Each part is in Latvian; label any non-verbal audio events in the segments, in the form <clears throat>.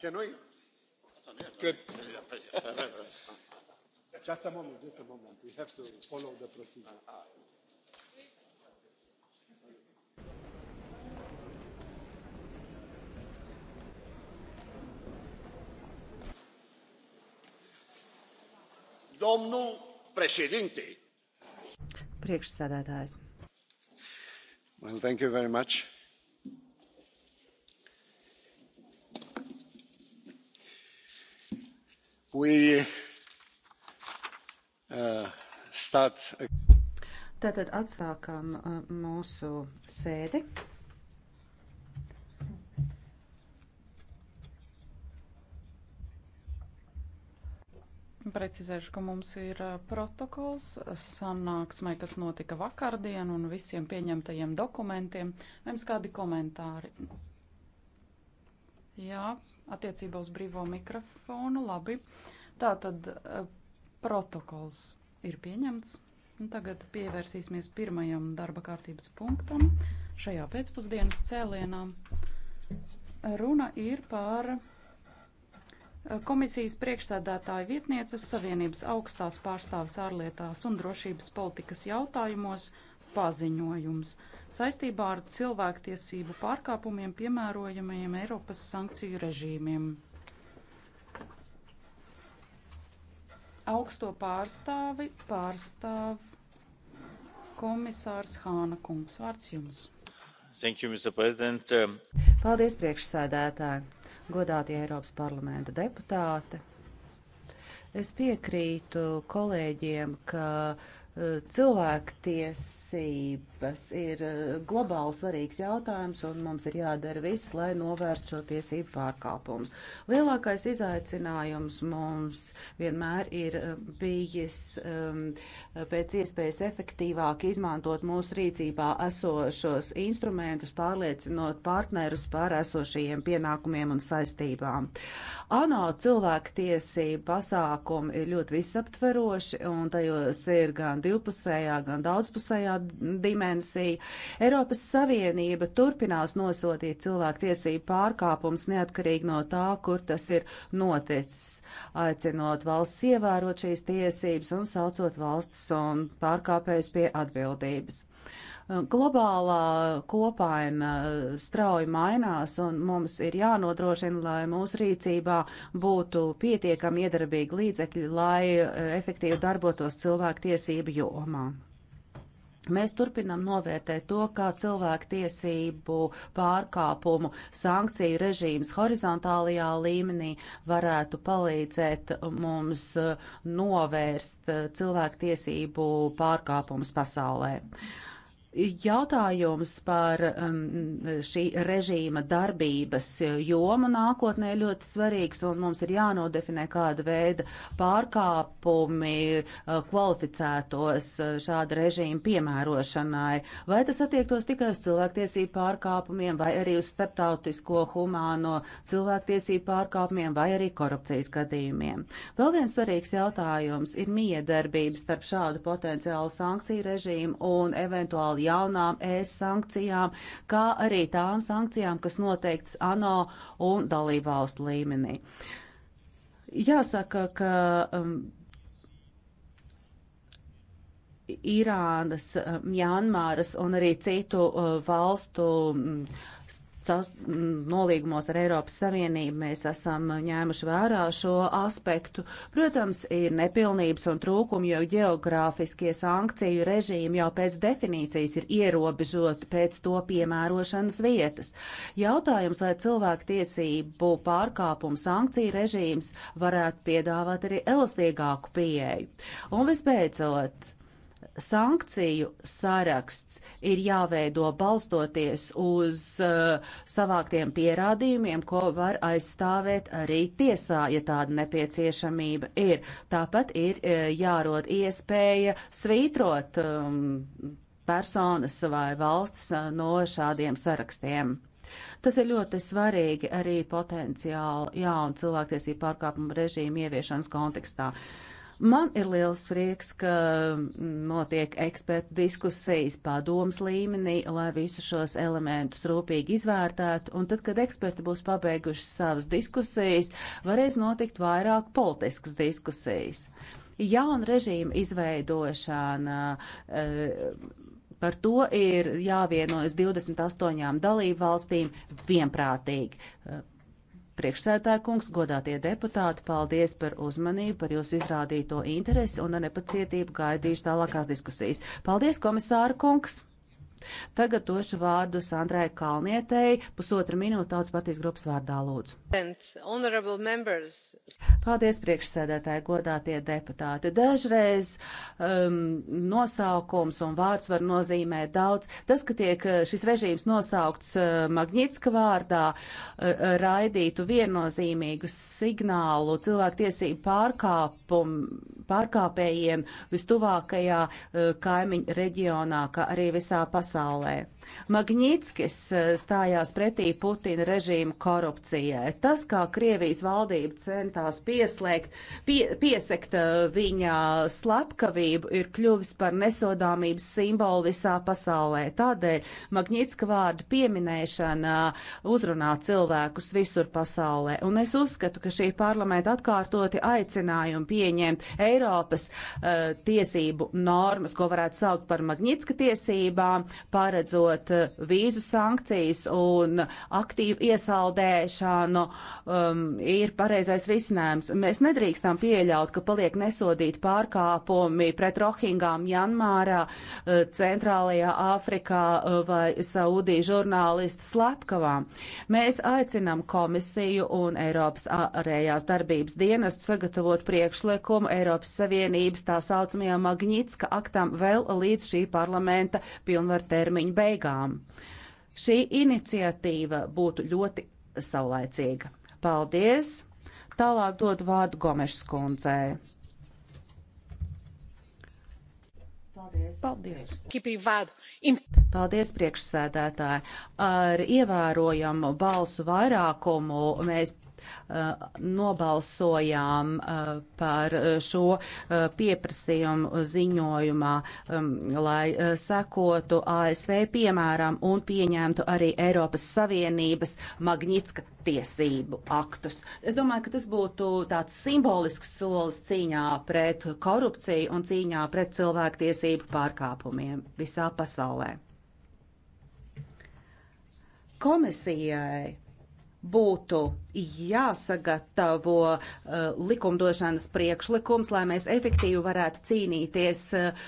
Can we? Good. just a moment, just a moment. We have to follow the procedure. Domnul președinte. Priekšsēdētājs. Well, thank you very much. we uh, start. Tātad atsākam uh, mūsu sēdi. Precizēšu, ka mums ir uh, protokols sanāksmē, kas notika vakardien un visiem pieņemtajiem dokumentiem. Vai jums kādi komentāri? Jā, attiecībā uz brīvo mikrofonu, labi. Tā tad eh, protokols ir pieņemts. Un tagad pievērsīsimies pirmajam darba kārtības punktam šajā pēcpusdienas cēlienā. Runa ir par eh, komisijas priekšsēdētāja vietnieces Savienības augstās pārstāvis ārlietās un drošības politikas jautājumos paziņojums saistībā ar cilvēktiesību pārkāpumiem piemērojamajiem Eiropas sankciju režīmiem. Augsto pārstāvi pārstāv komisārs Hāna kungs. Vārds jums. Thank you, Mr. President. Um, Paldies, priekšsēdētāji, godātie Eiropas parlamenta deputāti. Es piekrītu kolēģiem, ka uh, Cilvēktiesības ir eh, globāli svarīgs jautājums, un mums ir jādara viss, lai novērstu šo tiesību pārkāpumus. Lielākais izaicinājums mums vienmēr ir eh, bijis um, pēc iespējas efektīvāk izmantot mūsu rīcībā esošos instrumentus, pārliecinot partnerus par esošajiem pienākumiem un saistībām. ANO cilvēktiesība pasākumi ir ļoti visaptveroši, un tajos ir gan divpusējā, gan daudzpusējā dimensija. Eiropas Savienība turpinās nosodīt cilvēktiesību pārkāpums neatkarīgi no tā, kur tas ir noticis, aicinot valsts ievērot šīs tiesības un saucot valstis un pārkāpējus pie atbildības. Globālā kopaina strauji mainās, un mums ir jānodrošina, lai mūsu rīcībā būtu pietiekami iedarbīgi līdzekļi, lai efektīvi darbotos cilvēktiesību jomā. Mēs turpinam novērtēt to, kā cilvēktiesību pārkāpumu sankciju režīms horizontālajā līmenī varētu palīdzēt mums novērst cilvēktiesību pārkāpumus pasaulē. Uh, Jautājums par um, šī režīma darbības jomu nākotnē ļoti svarīgs, un mums ir jānodefinē, kāda veida pārkāpumi uh, kvalificētos uh, šāda režīma piemērošanai. Vai tas attiektos tikai uz cilvēktiesību pārkāpumiem, vai arī uz starptautisko humāno cilvēktiesību pārkāpumiem, vai arī korupcijas gadījumiem. Vēl viens svarīgs jautājums ir miedarbības starp šādu potenciālu sankciju režīmu un eventuāli jaunām ES sankcijām, kā arī tām sankcijām, kas noteikts ANO un dalībvalstu līmenī. Jāsaka, ka. Um, Irānas, um, Mjanmāras un arī citu uh, valstu mm, caus, nolīgumos ar Eiropas Savienību mēs esam ņēmuši vērā šo aspektu. Protams, ir nepilnības un trūkumi, jo geogrāfiskie sankciju režīmi jau pēc definīcijas ir ierobežoti pēc to piemērošanas vietas. Jautājums, vai cilvēktiesību pārkāpumu sankciju režīms varētu piedāvāt arī elastīgāku pieeju. Un visbeidzot, sankciju saraksts ir jāveido balstoties uz uh, savāktiem pierādījumiem, ko var aizstāvēt arī tiesā, ja tāda nepieciešamība ir. Tāpat ir uh, jārod iespēja svītrot um, personas vai valstis uh, no šādiem sarakstiem. Tas ir ļoti svarīgi arī potenciāli jaunu cilvēktiesību pārkāpumu režīmu ieviešanas kontekstā. Uh, Man ir liels prieks, ka notiek ekspertu diskusijas padomas līmenī, lai visu šos elementus rūpīgi izvērtētu, un tad, kad eksperti būs pabeiguši savas diskusijas, varēs notikt vairāk politiskas diskusijas. Jauna režīma izveidošana. E, Par to ir jāvienojas 28 dalību valstīm vienprātīgi. Priekšsētāja kungs, godātie deputāti, paldies par uzmanību, par jūsu izrādīto interesi un ar nepacietību gaidīšu tālākās diskusijas. Paldies, komisāra kungs! Tagad došu vārdu Sandrai Kalnietei, pusotra minūte tautas partijas grupas vārdā lūdzu. Paldies priekšsēdētāji, godātie deputāti. Dažreiz um, nosaukums un vārds var nozīmēt daudz. Tas, ka tiek uh, šis režīms nosaukts uh, Magnitska vārdā, uh, uh, raidītu viennozīmīgu signālu cilvēktiesību pārkāpum, pārkāpējiem vistuvākajā uh, kaimiņu reģionā, kā arī visā pasaulē pasaulē. Magnītskis eh, stājās pretī Putina režīmu korupcijai. Tas, kā Krievijas valdība centās pieslēgt, pie, piesekt eh, viņa slepkavību, ir kļuvis par nesodāmības simbolu visā pasaulē. Tādēļ Magnītska vārdu pieminēšana uzrunā cilvēkus visur pasaulē. Un es uzskatu, ka šī parlamenta atkārtoti aicinājumi pieņemt Eiropas uh, tiesību normas, ko varētu saukt par Magnītska tiesībām, paredzot izmantot eh, vīzu sankcijas un aktīvu iesaldēšanu um, ir pareizais risinājums. Mēs nedrīkstam pieļaut, ka paliek nesodīti pārkāpumi pret Rohingām Janmārā, eh, Centrālajā Āfrikā eh, vai Saudī žurnālistu slepkavām. Mēs aicinām komisiju un Eiropas ārējās darbības dienestu sagatavot priekšlikumu Eiropas Savienības tā saucamajā Magnitska aktam vēl līdz šī parlamenta pilnvartermiņa beigām beigām. Šī iniciatīva būtu ļoti saulaicīga. Paldies! Tālāk dod vārdu Gomešas kundzei. Paldies. Paldies. Paldies, priekšsēdētāji. Ar ievērojamu balsu vairākumu mēs Eh, nobalsojām eh, par eh, šo pieprasījumu ziņojumā, lai sekotu ASV piemēram un pieņemtu arī Eiropas Savienības Magnitska tiesību aktus. Es domāju, ka tas būtu tāds simbolisks solis cīņā pret korupciju un cīņā pret cilvēktiesību pārkāpumiem visā pasaulē. Komisijai būtu jāsagatavo uh, likumdošanas priekšlikums, lai mēs efektīvi varētu cīnīties uh,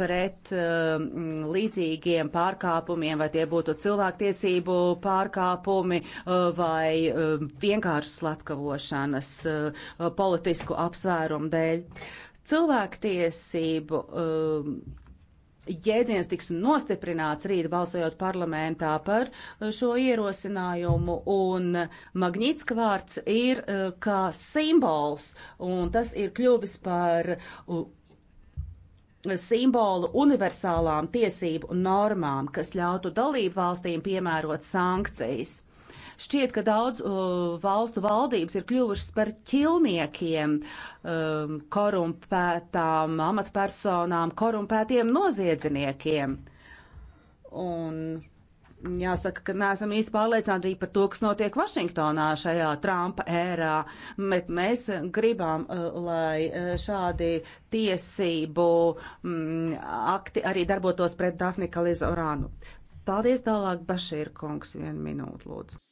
pret uh, mm, līdzīgiem pārkāpumiem, vai tie būtu cilvēktiesību pārkāpumi uh, vai um, vienkārši slepkavošanas uh, politisku apsvērumu dēļ. Cilvēktiesību um, jēdziens tiks nostiprināts rīt balsojot parlamentā par uh, šo ierosinājumu, un Magnitska vārds ir uh, kā simbols, un tas ir kļuvis par simbolu universālām tiesību normām, kas ļautu dalību valstīm piemērot sankcijas. Šķiet, ka daudz uh, valstu valdības ir kļuvušas par ķilniekiem, um, korumpētām amatpersonām, korumpētiem noziedziniekiem. Un Jāsaka, ka neesam īsti pārliecināti arī par to, kas notiek Vašingtonā šajā Trumpa ērā, bet mēs gribam, uh, lai uh, šādi tiesību m, mm, akti arī darbotos pret Dafni Kalizorānu. Paldies tālāk, Bašīra kungs, vienu minūtu lūdzu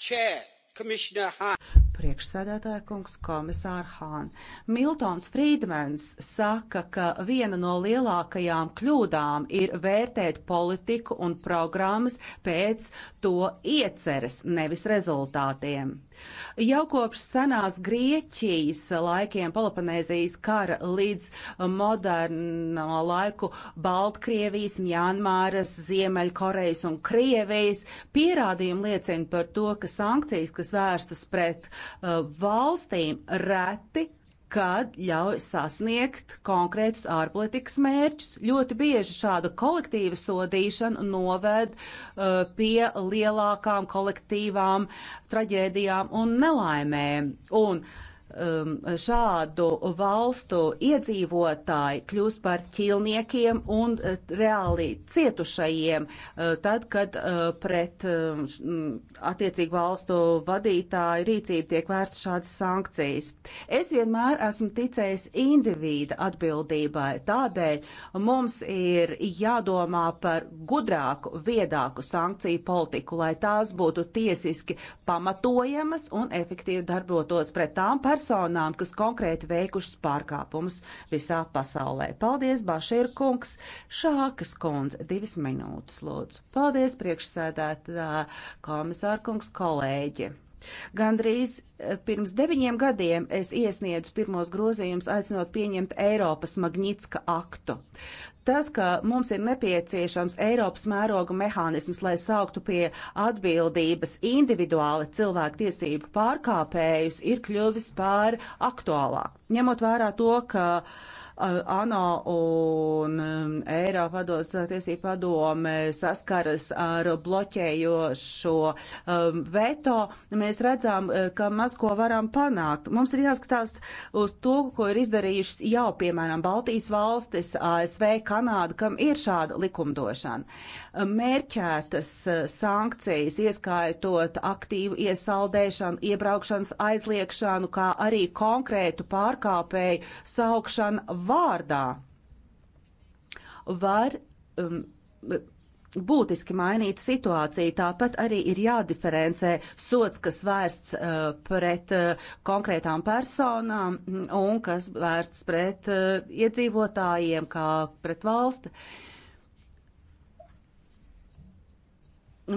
chair commissioner hahn priekšsēdētāja kungs, komisāra Hāna. Miltons Frīdmens saka, ka viena no lielākajām kļūdām ir vērtēt politiku un programmas pēc to ieceres, nevis rezultātiem. Jau kopš senās Grieķijas laikiem, Peloponēzijas kara līdz moderno laiku Baltkrievijas, Mjānmāras, Ziemeļkorejas un Krievijas pierādījumi liecina par to, ka sankcijas, kas vērstas pret uh, Eh, valstīm reti kad ļauj sasniegt konkrētus ārpolitikas mērķus. Ļoti bieži šāda kolektīva sodīšana noved uh, pie lielākām kolektīvām traģēdijām un nelaimēm. Un, uh, um, šādu valstu iedzīvotāji kļūst par ķilniekiem un uh, reāli cietušajiem, uh, tad, kad uh, pret uh, attiecīgu valstu vadītāju rīcību tiek vērsts šādas sankcijas. Es vienmēr esmu ticējis individa atbildībai, tādēļ mums ir jādomā par gudrāku, viedāku sankciju politiku, lai tās būtu tiesiski pamatojamas un efektīvi darbotos pret tām personām, personām, kas konkrēti veikušas pārkāpumus visā pasaulē. Paldies, Bašīra kungs, Šākas kundze, divas minūtes lūdzu. Paldies, priekšsēdētā komisāra kungs, kolēģi. Gandrīz eh, pirms deviņiem gadiem es iesniedzu pirmos grozījumus aicinot pieņemt Eiropas Magnitska aktu. Tas, ka mums ir nepieciešams Eiropas mēroga mehānisms, lai sauktu pie atbildības individuāli cilvēku tiesību pārkāpējus, ir kļuvis pār aktuālāk. Ņemot vērā to, ka uh, ANO un um, Eiropados uh, tiesību padome saskaras ar bloķējošo um, veto, mēs redzam, uh, ka maz ko varam panākt. Mums ir jāskatās uz to, ko ir izdarījušas jau, piemēram, Baltijas valstis, ASV, Kanāda, kam ir šāda likumdošana. Mērķētas uh, sankcijas, ieskaitot aktīvu iesaldēšanu, iebraukšanas aizliekšanu, kā arī konkrētu pārkāpēju saukšanu vārdā var um, būtiski mainīt situāciju. Tāpat arī ir jādiferencē sots, kas vērsts uh, pret uh, konkrētām personām un kas vērsts pret uh, iedzīvotājiem, kā pret valsti.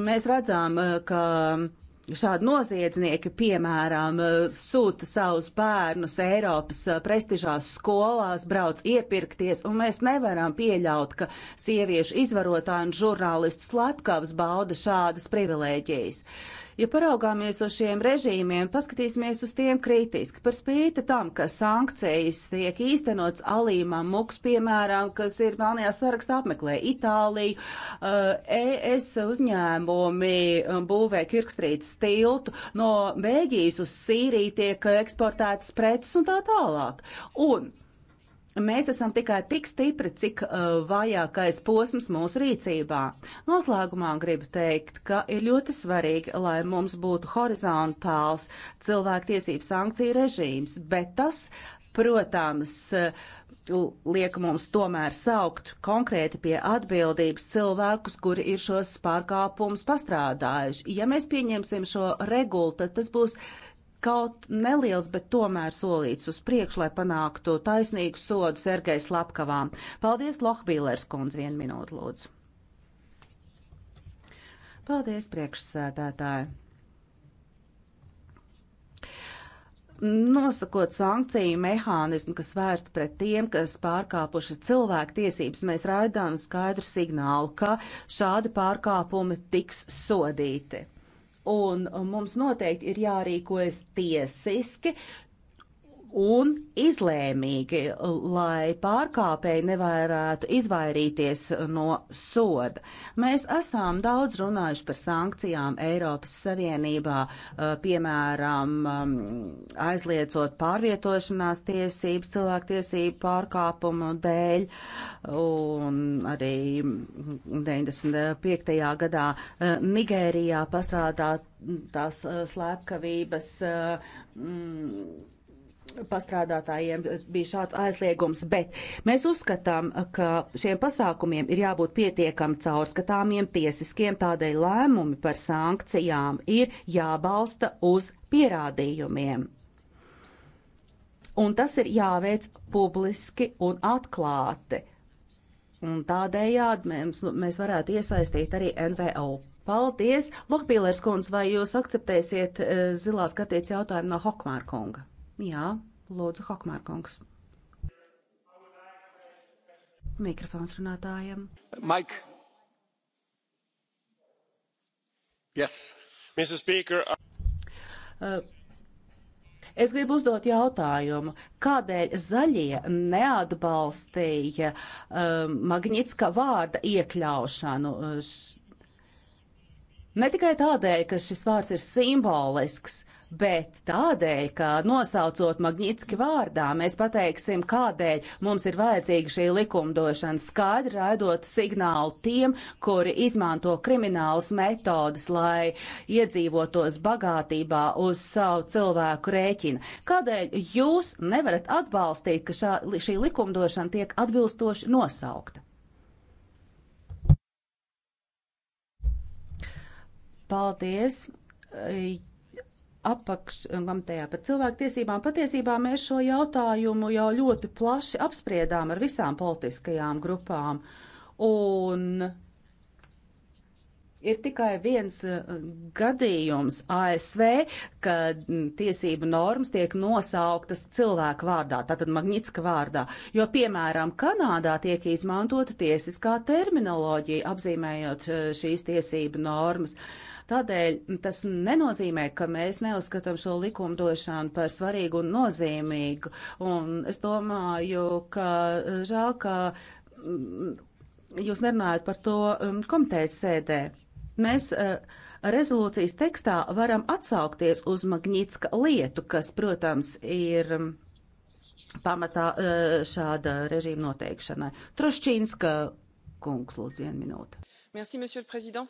Mēs redzām, uh, ka uh, Šādi noziedznieki, piemēram, sūta savus bērnus Eiropas eh, prestižās skolās, brauc iepirkties, un mēs nevaram pieļaut, ka sieviešu izvarotāji un žurnālisti slepkavas bauda šādas privilēģijas. Uh, Ja paraugāmies uz šiem režīmiem, paskatīsimies uz tiem kritiski, par spīti tam, ka sankcijas tiek īstenots Alīmam Muks, piemēram, kas ir Melnajā sarakstā apmeklē Itāliju, uh, ES uzņēmumi uh, būvē Kirkstrītas tiltu, no Bēģijas uz Sīriju tiek eksportētas preces un tā tālāk. Un mēs esam tikai tik stipri, cik uh, vajākais posms mūsu rīcībā. Noslēgumā gribu teikt, ka ir ļoti svarīgi, lai mums būtu horizontāls cilvēktiesību sankciju režīms, bet tas, protams, uh, liek mums tomēr saukt konkrēti pie atbildības cilvēkus, kuri ir šos pārkāpumus pastrādājuši. Ja mēs pieņemsim šo regulu, tad tas būs kaut neliels, bet tomēr solīts uz priekšu, lai panāktu taisnīgu sodu Sergejs Lapkavām. Paldies, Lohbīlers kundze, vienu minūtu lūdzu. Paldies, priekšsēdētāji. Nosakot sankciju mehānismu, kas vērsta pret tiem, kas pārkāpuši cilvēku tiesības, mēs raidām skaidru signālu, ka šādi pārkāpumi tiks sodīti un um, mums noteikti ir jārīkojas tiesiski, un izlēmīgi, lai pārkāpēji nevarētu izvairīties no soda. Mēs esam daudz runājuši par sankcijām Eiropas Savienībā, eh, piemēram, um, aizliedzot pārvietošanās tiesības cilvēktiesību pārkāpumu dēļ, un arī 95. gadā eh, Nigērijā pastrādāt tās eh, slēpkavības. Mm, pastrādātājiem bija šāds aizliegums, bet mēs uzskatām, ka šiem pasākumiem ir jābūt pietiekami caurskatāmiem, tiesiskiem, tādēļ lēmumi par sankcijām ir jābalsta uz pierādījumiem. Un tas ir jāveic publiski un atklāti. Un tādējādi mēs, mēs varētu iesaistīt arī NVO. Paldies! Lokpīlērs kundze, vai jūs akceptēsiet eh, zilās kartītes jautājumu no Hokmārkonga? Jā, lūdzu, Hokmārkungs. Mikrofons runātājiem. Mike. Yes. Mr. Speaker. Uh, uh, Es gribu uzdot jautājumu, kādēļ zaļie neatbalstīja um, Magnitska vārda iekļaušanu? Uh, ne tikai tādēļ, ka šis vārds ir simbolisks, bet tādēļ, ka nosaucot Magnitski vārdā, mēs pateiksim, kādēļ mums ir vajadzīga šī likumdošana, skaidri raidot signālu tiem, kuri izmanto kriminālas metodas, lai iedzīvotos bagātībā uz savu cilvēku rēķina. Kādēļ jūs nevarat atbalstīt, ka šā, šī likumdošana tiek atbilstoši nosaukta? Paldies! apakškomitejā eh, par cilvēktiesībām. Patiesībā mēs šo jautājumu jau ļoti plaši apspriedām ar visām politiskajām grupām. Un ir tikai viens eh, gadījums ASV, kad mm, tiesību normas tiek nosauktas cilvēku vārdā, tātad Magnitska vārdā, jo, piemēram, Kanādā tiek izmantota tiesiskā terminoloģija, apzīmējot eh, šīs tiesību normas. Uh, Tādēļ tas nenozīmē, ka mēs neuzskatām šo likumdošanu par svarīgu un nozīmīgu. Un es domāju, ka žēl, ka mm, jūs nerunājat par to mm, komitejas sēdē. Mēs e, rezolūcijas tekstā varam atsaukties uz Magnitska lietu, kas, protams, ir pamatā e, šāda režīma noteikšanai. Troščīnska kungs, lūdzu, vienu minūti. Merci, monsieur le président.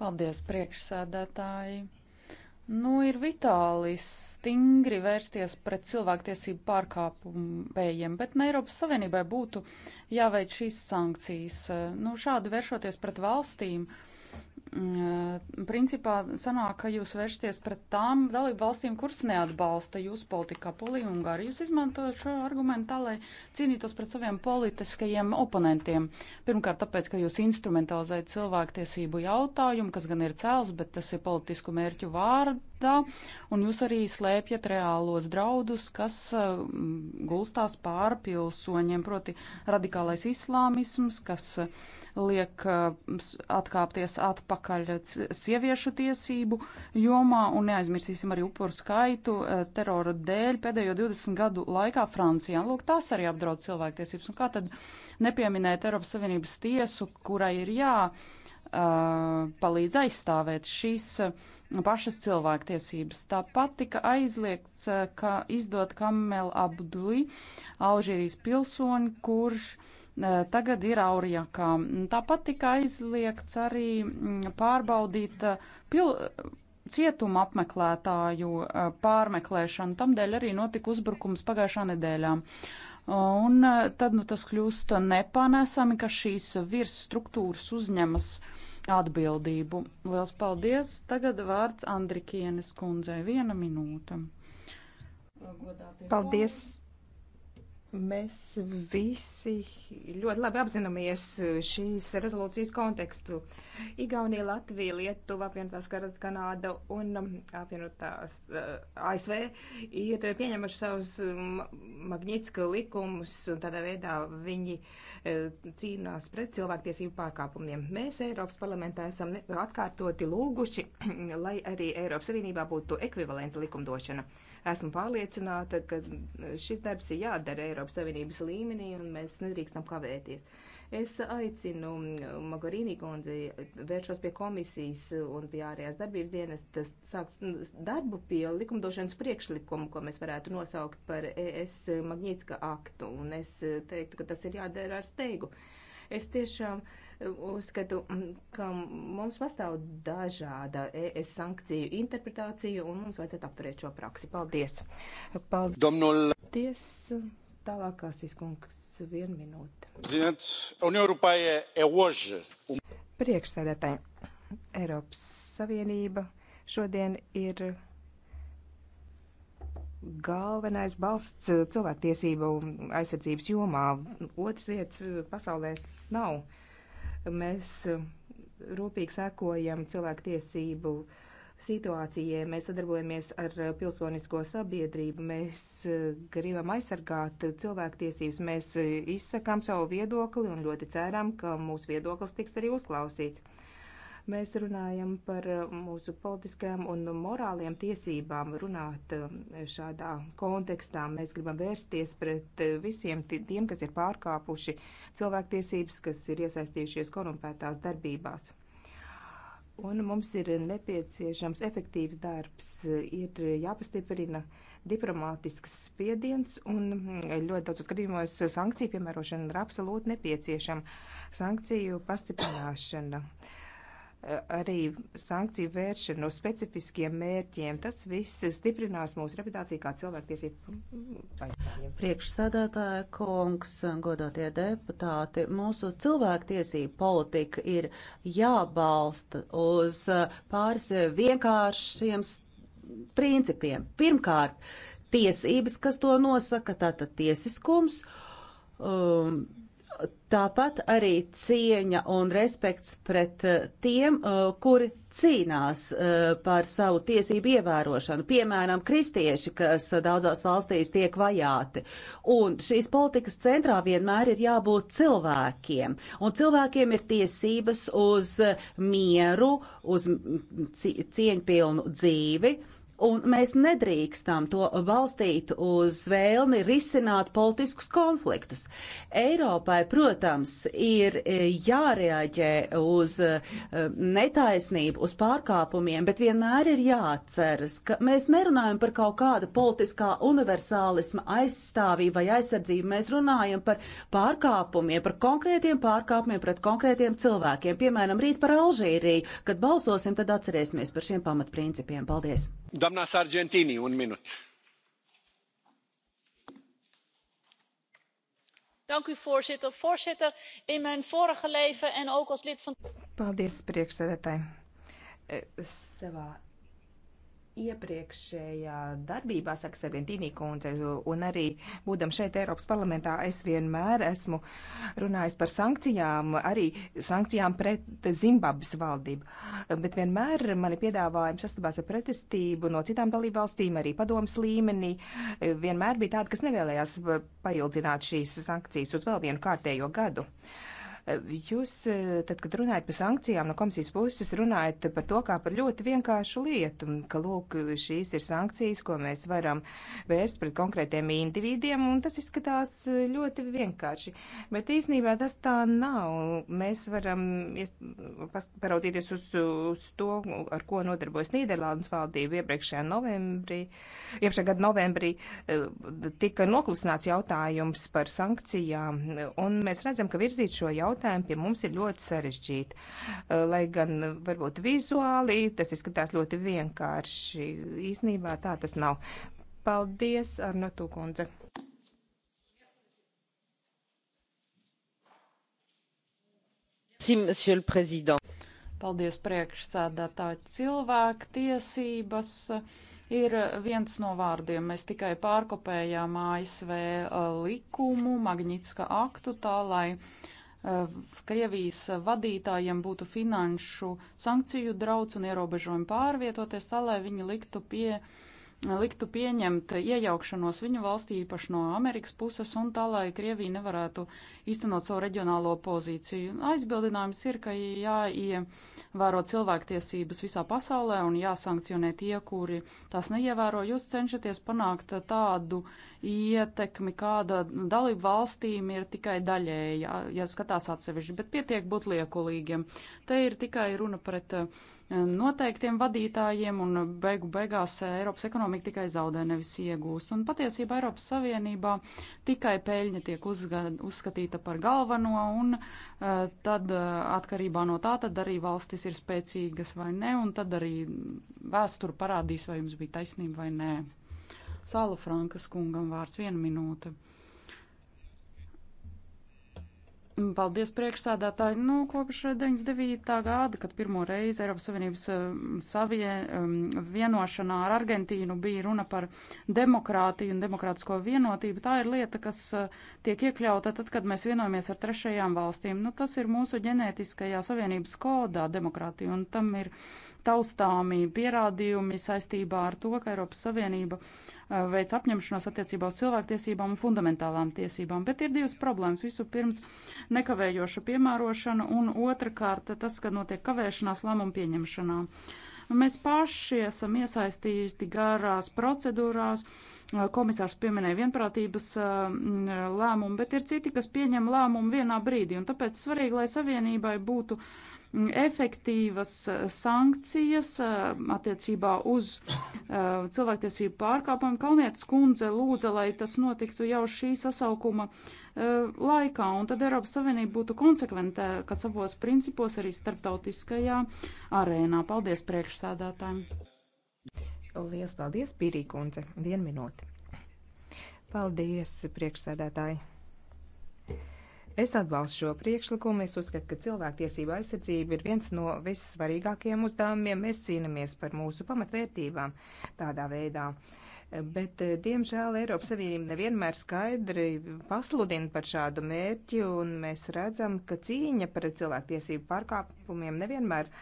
Paldies, priekšsēdētāji. Nu, ir vitāli stingri vērsties pret cilvēktiesību pārkāpumiem, bet ne Eiropas Savienībai būtu jāveic šīs sankcijas. Nu, šādi vēršoties pret valstīm, Mm, principā sanāk, ka jūs vēršaties pret tām dalību valstīm, kuras neatbalsta jūsu politikā Poliju un Ungāriju. Jūs izmantojat šo argumentu tā, lai cīnītos pret saviem politiskajiem oponentiem. Pirmkārt, tāpēc, ka jūs instrumentalizējat cilvēktiesību jautājumu, kas gan ir cēls, bet tas ir politisku mērķu vārdā, un jūs arī slēpjat reālos draudus, kas uh, gulstās pār pilsoņiem, proti radikālais islāmisms, kas uh, liek uh, atkāpties atpakaļ atpakaļ sieviešu tiesību jomā un neaizmirsīsim arī upuru skaitu e, terora dēļ pēdējo 20 gadu laikā Francijā. Lūk, tas arī apdraud cilvēktiesības. Un kā tad nepieminēt Eiropas Savienības tiesu, kurai ir jā e, palīdz aizstāvēt šīs e, pašas cilvēktiesības. Tāpat tika aizliegts, ka izdot Kamel Abduli, Alžīrijas pilsoni, kurš uh, tagad ir aurijakām. Tāpat tika aizliegts arī mm, pārbaudīt eh, pil cietuma apmeklētāju eh, pārmeklēšanu. Tamdēļ arī notika uzbrukums pagājušā nedēļā. Un eh, tad nu, tas kļūst nepanesami, ka šīs virsstruktūras uzņemas atbildību. Liels paldies! Tagad vārds Andrikienes kundzei. Viena minūte. Paldies! Mēs visi ļoti labi apzināmies šīs rezolūcijas kontekstu. Igaunija, Latvija, Lietuva, apvienotās karalists Kanāda un um, apvienotās uh, ASV ir pieņemuši savus um, magnitska likumus un tādā veidā viņi uh, cīnās pret cilvēktiesību pārkāpumiem. Mēs Eiropas parlamentā esam atkārtoti lūguši, <clears throat> lai arī Eiropas Savienībā būtu ekvivalenta likumdošana. Uh, Esmu pārliecināta, ka šis darbs ir jādara Eiropas Savienības līmenī, un mēs nedrīkstam kavēties. Es aicinu Magarīnī kundzi vēršos pie komisijas un pie ārējās darbības dienas, tas sāks darbu pie likumdošanas priekšlikumu, ko mēs varētu nosaukt par ES Magnītska aktu, un es teiktu, ka tas ir jādara ar steigu. Es tiešām uh, uzskatu, mm, ka mums pastāv dažāda ES sankciju interpretācija un mums vajadzētu apturēt šo praksi. Paldies! Paldies! Domnul... Tālāk, Kāsīs kungs, viena minūte. Zināt, Unija Europaja e, e oži. Priekšsēdētāji, Eiropas Savienība šodien ir galvenais balsts cilvēktiesību aizsardzības jomā. Otras vietas pasaulē nav. Mēs eh, rūpīgi sekojam cilvēku tiesību situācijai, mēs sadarbojamies ar eh, pilsonisko sabiedrību, mēs eh, gribam aizsargāt cilvēktiesības, mēs izsakām savu viedokli un ļoti ceram, ka mūsu viedoklis tiks arī uzklausīts. Mēs runājam par uh, mūsu politiskajām un morāliem tiesībām runāt um, šādā kontekstā. Mēs gribam vērsties pret uh, visiem tiem, kas ir pārkāpuši cilvēktiesības, kas ir iesaistījušies korumpētās darbībās. Un mums ir nepieciešams efektīvs darbs, ir jāpastiprina diplomātisks spiediens, un mm, ļoti daudzos gadījumos sankciju piemērošana ir absolūti nepieciešama. Sankciju pastiprināšana. Uh, arī sankciju vēršanu no specifiskiem mērķiem. Tas viss stiprinās mūsu reputāciju kā cilvēktiesību aizstāvjiem. Priekšsēdētāja kungs, godātie deputāti, mūsu cilvēktiesību politika ir jābalsta uz pāris vienkāršiem principiem. Pirmkārt, tiesības, kas to nosaka, tātad tiesiskums. Um, Tāpat arī cieņa un respekts pret eh, tiem, eh, kuri cīnās eh, par savu tiesību ievērošanu, piemēram, kristieši, kas daudzās valstīs tiek vajāti. Un šīs politikas centrā vienmēr ir jābūt cilvēkiem, un cilvēkiem ir tiesības uz mieru, uz cieņpilnu dzīvi un mēs nedrīkstam to balstīt uz vēlmi risināt politiskus konfliktus. Eiropai, protams, ir e, jārēģē uz e, netaisnību, uz pārkāpumiem, bet vienmēr ir jāatceras, ka mēs nerunājam par kaut kādu politiskā universālisma aizstāvību vai aizsardzību. Mēs runājam par pārkāpumiem, par konkrētiem pārkāpumiem pret konkrētiem cilvēkiem. Piemēram, rīt par Alžīriju, kad balsosim, tad atcerēsimies par šiem pamatprincipiem. Paldies! doamnă președintă voorzitter in mijn vorige leven en ook als lid van. paldies priekšsēdētāj eh, savā iepriekšējā darbībā, saka Sargentīnī kundze, un arī būdam šeit Eiropas parlamentā, es vienmēr esmu runājis par sankcijām, arī sankcijām pret Zimbabves valdību. Bet vienmēr mani piedāvājumi sastāvās ar pretestību no citām dalībvalstīm, arī padomas līmenī. Vienmēr bija tādi, kas nevēlējās paildzināt šīs sankcijas uz vēl vienu kārtējo gadu. Uh, Jūs, e, tad, kad runājat par sankcijām no komisijas puses, runājat par to kā par ļoti vienkāršu lietu, ka, lūk, šīs ir sankcijas, ko mēs varam vērst pret konkrētiem individiem, un tas izskatās e, ļoti vienkārši. Bet īsnībā tas tā nav. Mēs varam paraudzīties uz, uz to, ar ko nodarbojas Nīderlandes valdība iepriekšējā novembrī. Iepriekšējā gada novembrī e, tika noklusināts jautājums par sankcijām, un mēs redzam, ka virzīt šo jautājumu jautājumi pie mums ir ļoti sarežģīti. Eh, lai gan eh, varbūt vizuāli tas izskatās ļoti vienkārši, īsnībā tā tas nav. Paldies, Arnotu kundze. Paldies, priekšsēdētāji. Cilvēku tiesības ir viens no vārdiem. Mēs tikai pārkopējām ASV eh, likumu, Magnitska aktu, tā lai Eh, Krievijas vadītājiem būtu finanšu sankciju draudz un ierobežojumi pārvietoties tā, lai viņi liktu, pie, liktu pieņemt iejaukšanos viņu valstī īpaši no Amerikas puses un tā, lai Krievija nevarētu īstenot savu reģionālo pozīciju. Aizbildinājums ir, ka jāievēro cilvēktiesības visā pasaulē un jāsankcionē tie, kuri tās neievēro. Jūs cenšaties panākt tādu uh, ietekmi, kāda dalību valstīm ir tikai daļēja, ja skatās atsevišķi, bet pietiek būt liekulīgiem. Te ir tikai runa pret eh, noteiktiem vadītājiem, un beigu beigās eh, Eiropas ekonomika tikai zaudē, nevis iegūst. Un patiesībā Eiropas Savienībā tikai peļņa tiek uzga, uzskatīta par galveno, un uh, tad uh, atkarībā no tā, tad arī valstis ir spēcīgas vai nē, un tad arī vēsture parādīs, vai jums bija taisnība vai nē. Sāla Frankas kungam vārds viena minūte. Paldies priekšsādātāji. Nu, kopš 99. gada, kad pirmo reizi Eiropas Savienības um, savie, um, vienošanā ar Argentīnu bija runa par demokrātiju un demokrātisko vienotību, tā ir lieta, kas uh, tiek iekļauta tad, kad mēs vienojamies ar trešajām valstīm. Nu, tas ir mūsu ģenētiskajā savienības kodā demokrātija, un tam ir taustāmi pierādījumi saistībā ar to, ka Eiropas Savienība uh, veic apņemšanos attiecībā uz cilvēktiesībām un fundamentālām tiesībām. Bet ir divas problēmas. Vispirms nekavējoša piemērošana un otrkārt tas, ka notiek kavēšanās lēmumu pieņemšanā. Mēs paši esam iesaistīti garās procedūrās. Uh, komisārs pieminēja vienprātības uh, mm, lēmumu, bet ir citi, kas pieņem lēmumu vienā brīdī. Un tāpēc svarīgi, lai savienībai būtu uh, efektīvas eh, sankcijas eh, attiecībā uz eh, cilvēktiesību pārkāpumiem. Kalnietis kundze lūdza, lai tas notiktu jau šī sasaukuma laikā, un tad Eiropas Savienība būtu konsekventē, ka savos principos arī starptautiskajā arēnā. Paldies priekšsēdētājiem! Lielas paldies, Pirī kundze! Vienu minūti! Paldies, priekšsēdētāji! Es atbalstu šo priekšlikumu. Es uzskatu, ka cilvēktiesība aizsardzība ir viens no vissvarīgākajiem uzdevumiem. Mēs cīnāmies par mūsu pamatvērtībām tādā veidā. Bet, eh, diemžēl, Eiropas Savienība nevienmēr skaidri pasludina par šādu mērķi, un mēs redzam, ka cīņa par cilvēktiesību pārkāpumiem nevienmēr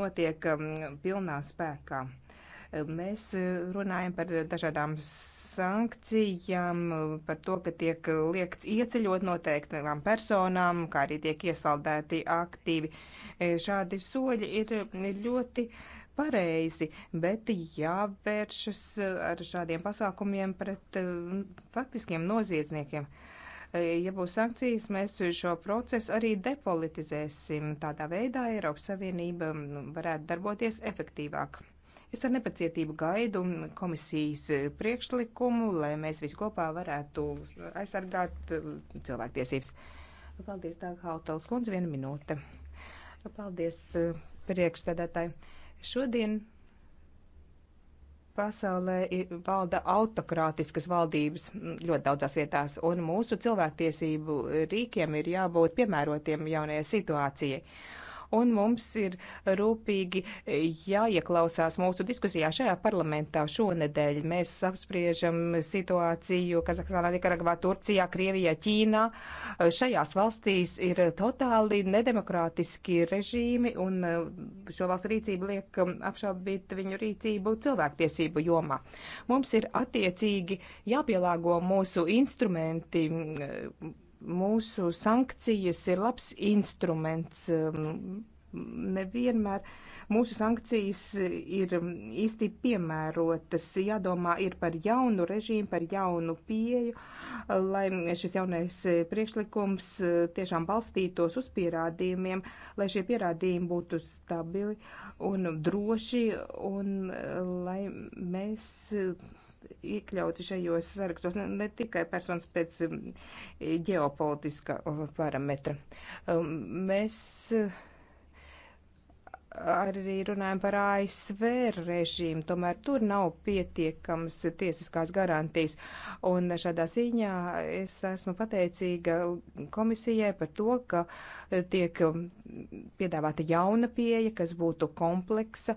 notiek mm, pilnā spēkā. Mēs eh, runājam par dažādām sankcijām par to, ka tiek liekts ieceļot noteiktām personām, kā arī tiek iesaldēti aktīvi. E, šādi soļi ir ļoti pareizi, bet jāvēršas ar šādiem pasākumiem pret faktiskiem noziedzniekiem. E, ja būs sankcijas, mēs šo procesu arī depolitizēsim. Tādā veidā Eiropas Savienība varētu darboties efektīvāk. Es ar nepacietību gaidu komisijas e, priekšlikumu, lai mēs visi kopā varētu aizsargāt e, cilvēktiesības. Paldies, Dāga Hautals kundze, viena minūte. Paldies, e, priekšsēdētāji. Šodien pasaulē valda autokrātiskas valdības ļoti daudzās vietās, un mūsu cilvēktiesību rīkiem ir jābūt piemērotiem jaunajai situācijai un mums ir rūpīgi jāieklausās mūsu diskusijā šajā parlamentā šonedēļ. Mēs apspriežam situāciju Kazahstānā, Nikaragvā, Turcijā, Krievijā, Ķīnā. Šajās valstīs ir totāli nedemokrātiski režīmi un šo valstu rīcību liek apšaubīt viņu rīcību cilvēktiesību jomā. Mums ir attiecīgi jāpielāgo mūsu instrumenti mūsu sankcijas ir labs instruments. Um, nevienmēr mūsu sankcijas ir īsti piemērotas. Jādomā ir par jaunu režīmu, par jaunu pieju, lai šis jaunais priekšlikums uh, tiešām balstītos uz pierādījumiem, lai šie pierādījumi būtu stabili un droši, un uh, lai mēs iekļauti šajos sarakstos ne, ne tikai personas pēc mm, ģeopolitiska uh, parametra. Um, mēs uh, arī runājam par ASV režīmu, tomēr tur nav pietiekams tiesiskās garantijas. Un šādā ziņā es esmu pateicīga komisijai par to, ka tiek piedāvāta jauna pieeja, kas būtu kompleksa,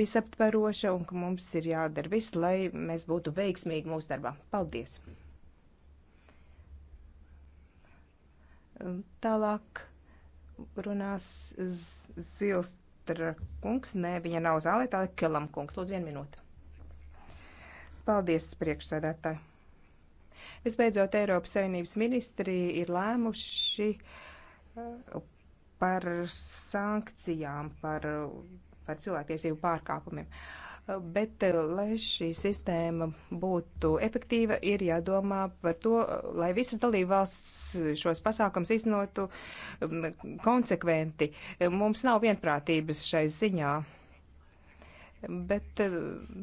visaptveroša un ka mums ir jādara viss, lai mēs būtu veiksmīgi mūsu darbā. Paldies! Tālāk runās zils Šustra kungs, nē, viņa nav zālē, tā ir Kelam kungs. Lūdzu, vienu minūti. Paldies, priekšsēdētāji. Visbeidzot, Eiropas Savienības ministri ir lēmuši uh, par sankcijām, par, par cilvēktiesību pārkāpumiem. Uh, Bet, eh, lai šī sistēma būtu efektīva, ir jādomā par to, lai visas dalībvalsts šos pasākums iznotu mm, konsekventi. Mums nav vienprātības šai ziņā. Bet eh,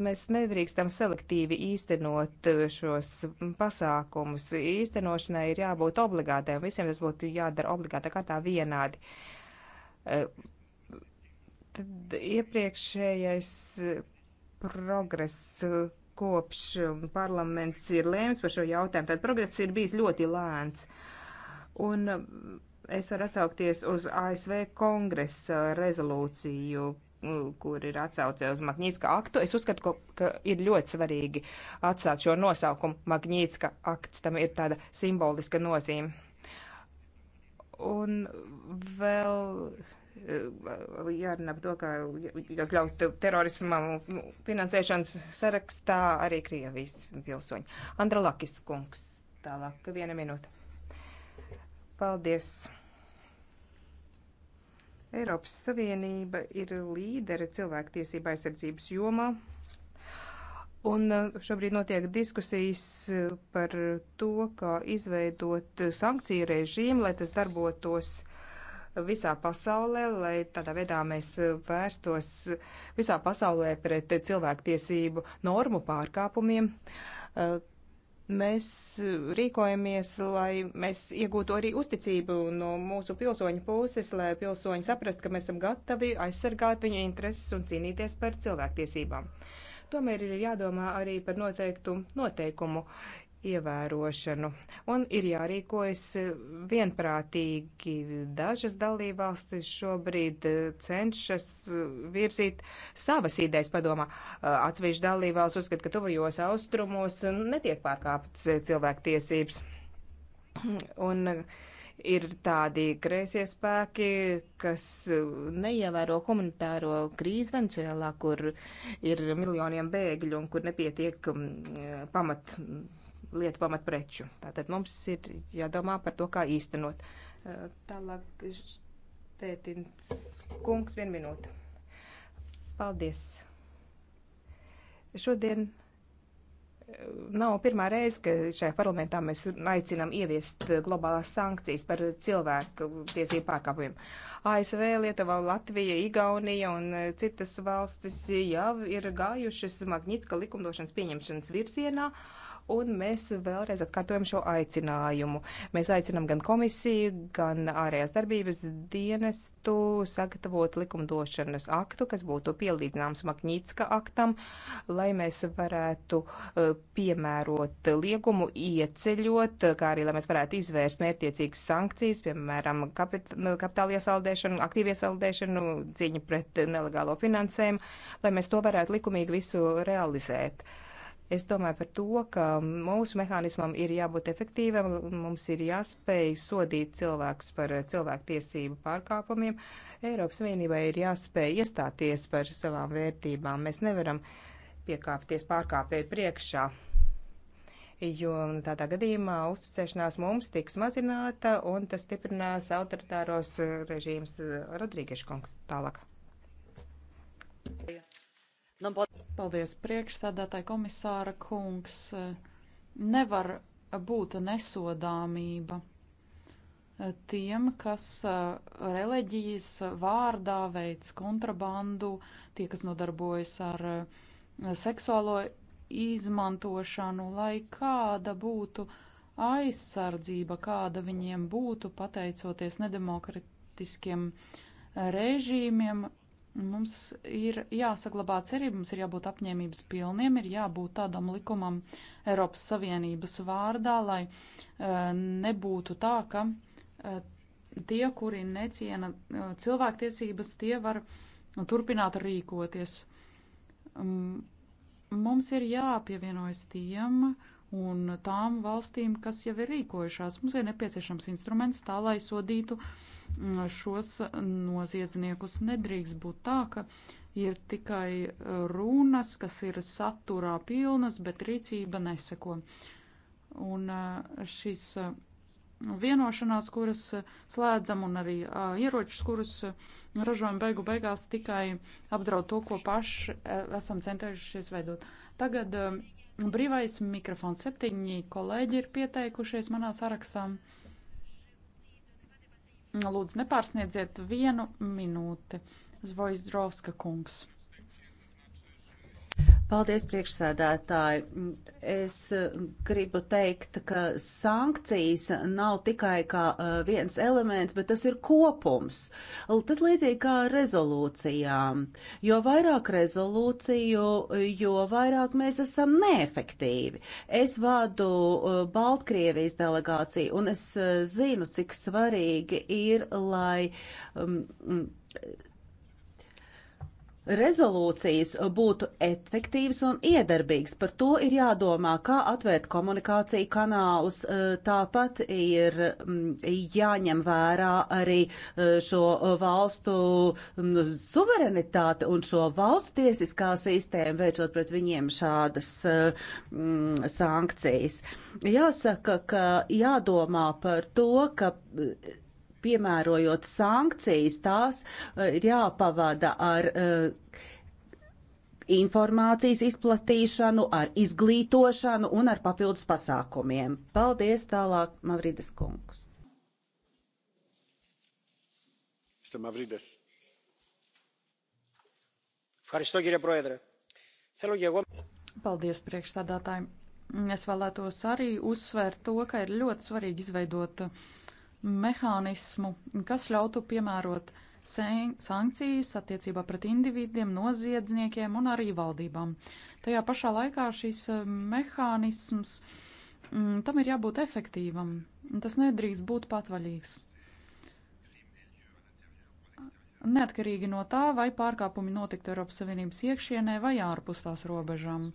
mēs nedrīkstam selektīvi īstenot eh, šos pasākumus. Īstenošanai ir jābūt obligātēm. Visiem tas būtu jādara obligātā kārtā vienādi tad iepriekšējais progress uh, kopš um, parlaments ir lēms par šo jautājumu. Tad progress ir bijis ļoti lēns. Un um, es varu atsaukties uz ASV kongresa rezolūciju, uh, kur ir atsauce uz Magnītiska aktu. Es uzskatu, ka ir ļoti svarīgi atstāt šo nosaukumu Magnītiska akts. Tam ir tāda simboliska nozīme. Un vēl Eh, jārunā par to, kā iekļaut terorisma finansēšanas sarakstā arī Krievijas pilsoņi. Andra Lakis kungs, tālāk viena minūte. Paldies. Eiropas Savienība ir līdere cilvēktiesība aizsardzības jomā. Un eh, šobrīd notiek diskusijas eh, par to, kā izveidot sankciju režīmu, lai tas darbotos uh, visā pasaulē, lai tādā veidā mēs eh, vērstos visā pasaulē pret cilvēktiesību normu pārkāpumiem. Eh, mēs rīkojamies, lai mēs iegūtu arī uzticību no mūsu pilsoņu puses, lai pilsoņi saprast, ka mēs esam gatavi aizsargāt viņu intereses un cīnīties par cilvēktiesībām tomēr ir jādomā arī par noteiktu noteikumu ievērošanu. Un ir jārīkojas eh, vienprātīgi. Dažas dalībvalstis šobrīd eh, cenšas eh, virzīt savas idejas padomā. Atsevišķi dalībvalsts uzskata, ka tuvajos austrumos netiek pārkāptas cilvēktiesības. <clears throat> Un, ir tādi kreisie spēki, kas neievēro humanitāro krīzi Venecijā, kur ir miljoniem bēgļu un kur nepietiek mm, pamat mm, lietu pamatpreču. Tātad mums ir jādomā par to, kā īstenot. Tālāk tētins kungs vien minūte. Paldies. Šodien nav pirmā reize, ka šajā parlamentā mēs aicinām ieviest globālās sankcijas par cilvēku tiesību pārkāpumiem. ASV, Lietuva, Latvija, Igaunija un citas valstis jau ir gājušas Magnitska likumdošanas pieņemšanas virsienā. Uh, un mēs vēlreiz atkārtojam šo aicinājumu. Mēs aicinām gan komisiju, gan ārējās darbības dienestu sagatavot likumdošanas aktu, kas būtu pielīdzināms Makņītska aktam, lai mēs varētu e, piemērot liegumu ieceļot, kā arī lai mēs varētu izvērst mērķiecīgas sankcijas, piemēram, kapit kapitāla iesaldēšanu, aktīvu iesaldēšanu, cīņu pret nelegālo finansējumu, lai mēs to varētu likumīgi visu realizēt. Uh, Es domāju par to, ka mūsu mehānismam ir jābūt efektīvam, mums ir jāspēj sodīt cilvēkus par eh, cilvēktiesību pārkāpumiem. Eiropas vienībai ir jāspēj iestāties par savām vērtībām. Mēs nevaram piekāpties pārkāpēju priekšā, jo tādā gadījumā uzticēšanās mums tiks mazināta un tas stiprinās autoritāros režīms Rodrīgeša kungs tālāk. Paldies, priekšsēdētāji komisāra kungs. Nevar būt nesodāmība tiem, kas reliģijas vārdā veids kontrabandu, tie, kas nodarbojas ar seksuālo izmantošanu, lai kāda būtu aizsardzība, kāda viņiem būtu pateicoties nedemokratiskiem režīmiem, Mums ir jāsaglabā cerība, mums ir jābūt apņēmības pilniem, ir jābūt tādam likumam Eiropas Savienības vārdā, lai uh, nebūtu tā, ka uh, tie, kuri neciena uh, cilvēktiesības, tie var turpināt rīkoties. Um, mums ir jāpievienojas tiem un tām valstīm, kas jau ir rīkojušās. Mums ir nepieciešams instruments tā, lai sodītu uh, šos noziedzniekus. Nedrīkst būt tā, ka ir tikai runas, kas ir saturā pilnas, bet rīcība neseko. Un eh, šis eh, vienošanās, kuras eh, slēdzam, un arī ieročus, kurus ražojam beigu beigās, tikai apdraud to, ko paši esam centējušies veidot. Tagad brīvais mikrofons septiņi kolēģi ir pieteikušies manā sarakstām. Lūdzu, nepārsniedziet vienu minūti. Zvojizdrovska kungs. Paldies, priekšsēdētāji. Mm, es mm, gribu teikt, ka sankcijas nav tikai kā viens elements, bet tas ir kopums. Tas līdzīgi kā rezolūcijām. Jo vairāk rezolūciju, jo vairāk mēs esam neefektīvi. Es vādu Baltkrievijas delegāciju un es zinu, cik svarīgi ir, lai. Um, rezolūcijas būtu efektīvas un iedarbīgas. Par to ir jādomā, kā atvērt komunikāciju kanālus. Eh, tāpat ir mm, jāņem vērā arī eh, šo valstu mm, suverenitāte un šo valstu tiesiskā sistēma, veicot pret viņiem šādas eh, mm, sankcijas. Jāsaka, ka jādomā par to, ka piemērojot sankcijas, tās eh, ir jāpavada ar eh, informācijas izplatīšanu, ar izglītošanu un ar papildus pasākumiem. Paldies tālāk, Mavrides kungs. Mavrides. Paldies priekšstādātājiem. Es vēlētos arī uzsvērt to, ka ir ļoti svarīgi izveidot uh, mehānismu, kas ļautu piemērot sankcijas attiecībā pret individiem, noziedzniekiem un arī valdībām. Tajā pašā laikā šis eh, mehānisms mm, tam ir jābūt efektīvam. Tas nedrīkst būt patvaļīgs. Neatkarīgi no tā, vai pārkāpumi notiktu Eiropas Savienības iekšienē vai ārpus tās robežām.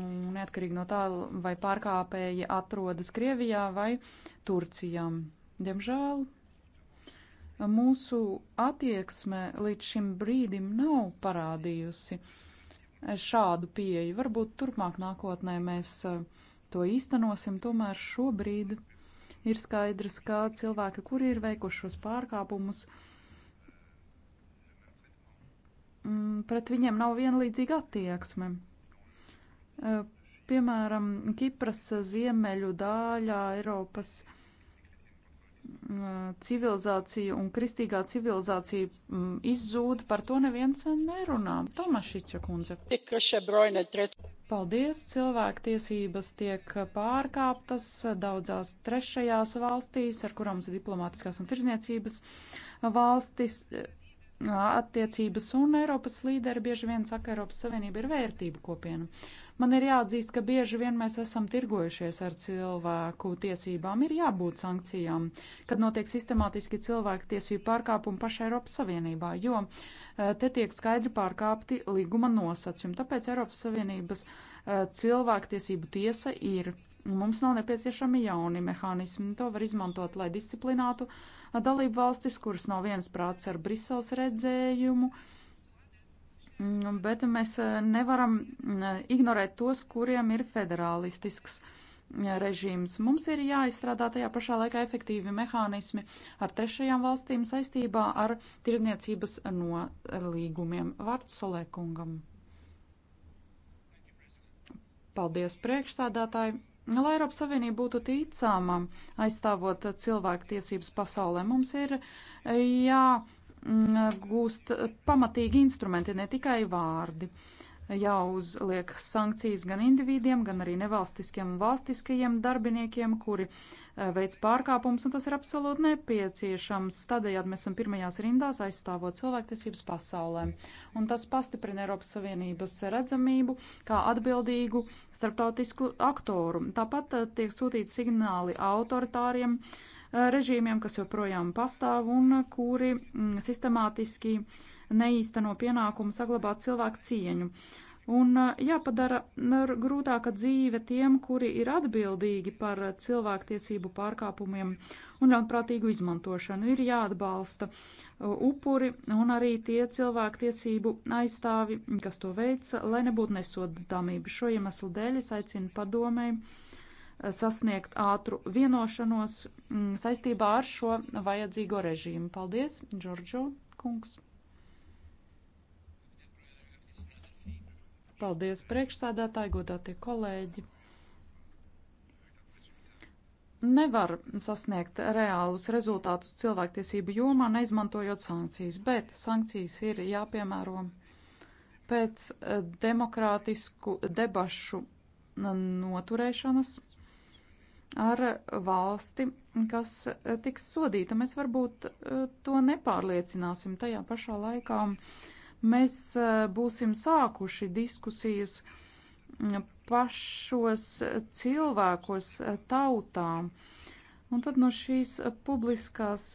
Un neatkarīgi no tā, vai pārkāpēji atrodas Krievijā vai Turcijā. Diemžēl mūsu attieksme līdz šim brīdim nav parādījusi šādu pieeju. Varbūt turpmāk nākotnē mēs uh, to īstenosim, tomēr šobrīd ir skaidrs, ka cilvēki, kuri ir veikušos pārkāpumus, mm, pret viņiem nav vienlīdzīga attieksme. Eh, piemēram, Kipras ziemeļu dāļā Eiropas mm, eh, civilizācija un kristīgā civilizācija mm, izzūda, par to neviens nerunā. Tomašiča kundze. Paldies, cilvēktiesības tiek pārkāptas daudzās trešajās valstīs, ar kurām ir diplomātiskās un tirzniecības valstis eh, attiecības, un Eiropas līderi bieži vien saka, Eiropas Savienība ir vērtība kopiena. Man ir jāatzīst, ka bieži vien mēs esam tirgojušies ar cilvēku tiesībām. Ir jābūt sankcijām, kad notiek sistemātiski cilvēku tiesību pārkāpumi pašai Eiropas Savienībā, jo eh, te tiek skaidri pārkāpti līguma nosacījumi. Tāpēc Eiropas Savienības eh, cilvēktiesību tiesa ir. Mums nav nepieciešami jauni mehānismi. To var izmantot, lai disciplinātu eh, dalību valstis, kuras nav viensprāts ar Briseles redzējumu. Uh, Nu, bet mēs eh, nevaram eh, ignorēt tos, kuriem ir federālistisks eh, režīms. Mums ir jāizstrādā tajā pašā laikā efektīvi mehānismi ar trešajām valstīm saistībā ar tirzniecības nolīgumiem. Vārds Solēkungam. Paldies priekšsādātāji. Nu, lai Eiropas Savienība būtu ticāma, aizstāvot cilvēku tiesības pasaulē, mums ir jā. Ja Mm, gūst pamatīgi instrumenti, ne tikai vārdi. Jāuzliek sankcijas gan individiem, gan arī nevalstiskiem un valstiskajiem darbiniekiem, kuri eh, veids pārkāpumus, un tas ir absolūti nepieciešams. Tādējādi mēs esam pirmajās rindās aizstāvot cilvēktiesības pasaulē. Un tas pastiprina Eiropas Savienības redzamību kā atbildīgu starptautisku aktoru. Tāpat eh, tiek sūtīti signāli autoritāriem uh, Eh, režīmiem, kas joprojām pastāv un kuri mm, sistemātiski neīsteno pienākumu saglabāt cilvēku cieņu. Un eh, jāpadara grūtāka dzīve tiem, kuri ir atbildīgi par cilvēktiesību pārkāpumiem un ļaunprātīgu izmantošanu. Ir jāatbalsta eh, upuri un arī tie cilvēktiesību aizstāvi, kas to veica, lai nebūtu nesodāmība. Šo iemeslu dēļ es aicinu padomēju sasniegt ātru vienošanos mm, saistībā ar šo vajadzīgo režīmu. Paldies, Džordžo kungs! Paldies, priekšsēdētāji, godātie kolēģi! nevar sasniegt reālus rezultātus cilvēktiesību jomā, neizmantojot sankcijas, bet sankcijas ir jāpiemēro pēc eh, demokrātisku debašu noturēšanas ar valsti, kas eh, tiks sodīta. Mēs varbūt eh, to nepārliecināsim tajā pašā laikā. Mēs eh, būsim sākuši diskusijas mm, pašos cilvēkos, tautām. Un tad no šīs publiskās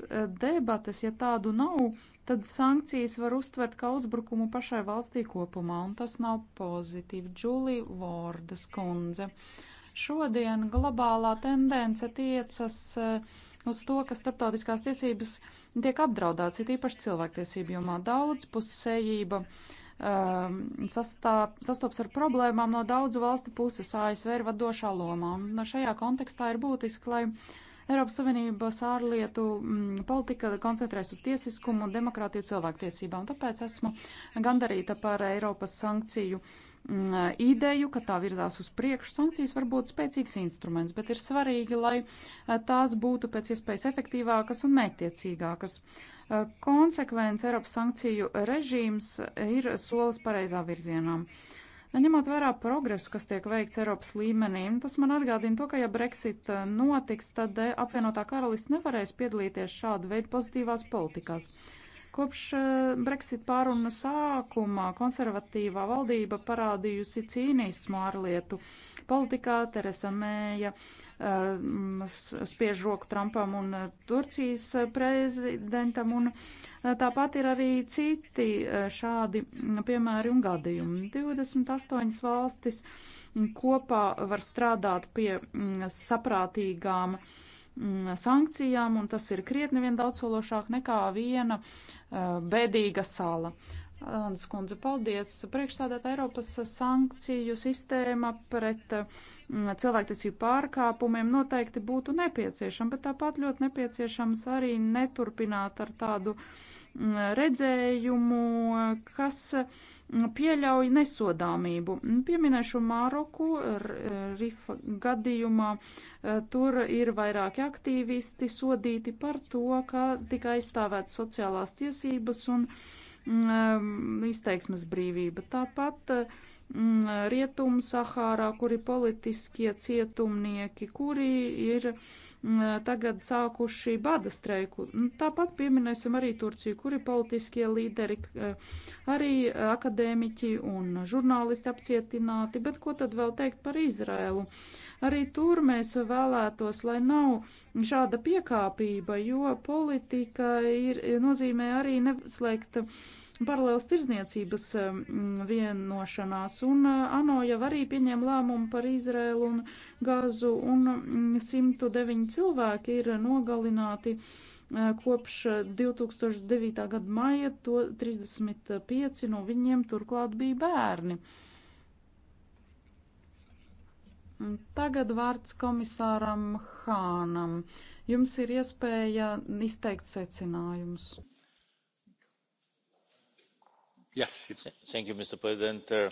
debates, ja tādu nav, tad sankcijas var uztvert kā uzbrukumu pašai valstī kopumā, un tas nav pozitīvi. Džulija Vordas kundze. Uh, Šodien globālā tendence tiecas eh, uz to, ka starptautiskās tiesības tiek apdraudēts, ir īpaši cilvēktiesību jomā daudzpusējība. Um, sastā, sastops ar problēmām no daudzu valstu puses. ASV ir vadošā lomā. No šajā kontekstā ir būtiski, lai Eiropas Savienības ārlietu mm, politika koncentrēs uz tiesiskumu, demokrātiju, cilvēktiesībām. Tāpēc esmu gandarīta par Eiropas sankciju Mm, eh, ideju, ka tā virzās uz priekšu. Sankcijas var būt spēcīgs instruments, bet ir svarīgi, lai eh, tās būtu pēc iespējas efektīvākas un mērķtiecīgākas. Eh, konsekvence Eiropas sankciju režīms ir solis pareizā virzienā. Ņemot vērā progresu, kas tiek veikts Eiropas līmenī, tas man atgādina to, ka ja Brexit notiks, tad apvienotā karalists nevarēs piedalīties šādu veidu pozitīvās politikās. Uh, Kopš eh, Brexit pārunu sākumā konservatīvā valdība parādījusi cīnismu ārlietu politikā. Teresa Mēja eh, spiež roku Trumpam un eh, Turcijas prezidentam, un tāpat ir arī citi šādi mm, piemēri un gadījumi. 28 valstis kopā var strādāt pie mm, saprātīgām uh, Mm, sankcijām, un tas ir krietni vien daudzsološāk nekā viena uh, bēdīga sala. Alandas kundze, paldies. Priekšsādāta Eiropas sankciju sistēma pret mm, cilvēktiesību pārkāpumiem noteikti būtu nepieciešama, bet tāpat ļoti nepieciešams arī neturpināt ar tādu mm, redzējumu, kas uh, pieļauj nesodāmību. Pieminēšu Māroku Rifa gadījumā. E, tur ir vairāki aktīvisti sodīti par to, ka tika aizstāvēt sociālās tiesības un um, izteiksmes brīvība. Tāpat um, e, mm, Rietum Sahārā, kuri politiskie cietumnieki, kuri ir Mm, eh, tagad sākuši bada streiku. Mm, tāpat pieminēsim arī Turciju, kuri politiskie līderi, eh, arī akadēmiķi un žurnālisti apcietināti, bet ko tad vēl teikt par Izrēlu? Arī tur mēs vēlētos, lai nav šāda piekāpība, jo politika ir, nozīmē arī neslēgta paralēlas tirzniecības um, vienošanās, un uh, ANO jau arī pieņēma lēmumu par Izrēlu un Gāzu, un 109 mm, cilvēki ir nogalināti uh, kopš 2009. Uh, gada maija, to 35 no viņiem turklāt bija bērni. Tagad vārds komisāram Hānam. Jums ir iespēja izteikt secinājumus. Yes, Thank you, Mr. President. Uh,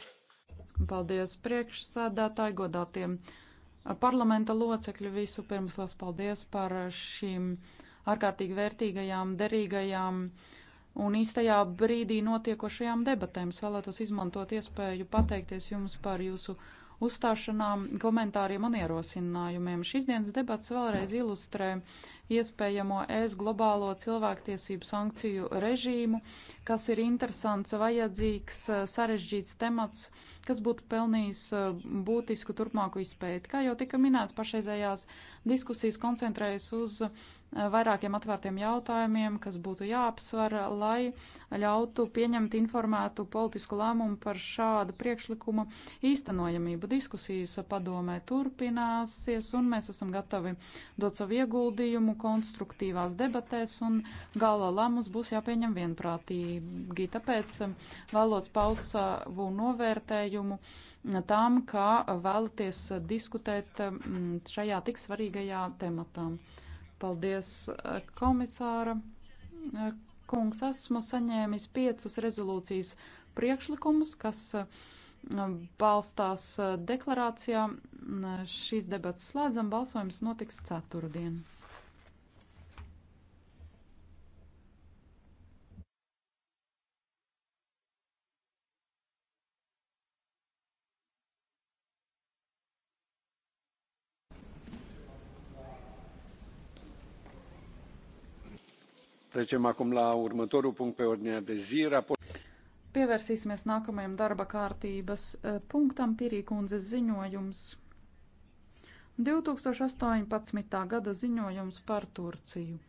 paldies priekšsādātāji, godātiem uh, parlamenta locekļi. Visu pirms liels paldies par šīm ārkārtīgi vērtīgajām, derīgajām un īstajā brīdī notiekošajām debatēm. Es vēlētos izmantot iespēju pateikties jums par jūsu uzstāšanām, komentāriem un ierosinājumiem. Šīs dienas debats vēlreiz ilustrē iespējamo ES globālo cilvēktiesību sankciju režīmu, kas ir interesants, vajadzīgs, sarežģīts temats, kas būtu pelnījis eh, būtisku turpmāku izpēti. Kā jau tika minēts, pašreizējās diskusijas koncentrējas uz vairākiem atvērtiem jautājumiem, kas būtu jāapsver, lai ļautu pieņemt informētu politisku lēmumu par šādu priekšlikumu īstenojamību. Diskusijas padomē turpināsies, un mēs esam gatavi dot savu ieguldījumu konstruktīvās debatēs, un gala lēmums būs jāpieņem vienprātīgi. Tāpēc vēlos paust savu novērtējumu tam, kā vēlaties diskutēt mm, šajā tik svarīgajā tematā. Paldies, eh, komisāra. Eh, kungs, esmu saņēmis piecus rezolūcijas priekšlikumus, kas eh, balstās deklarācijā. Šīs debatas slēdzam, balsojums notiks ceturtdien. Trecem acum la următorul punct pe ordinea de zi. Raport... Pievērsīsimies nākamajam darba kārtības e, punktam Pirī kundzes ziņojums. 2018. gada ziņojums par Turciju.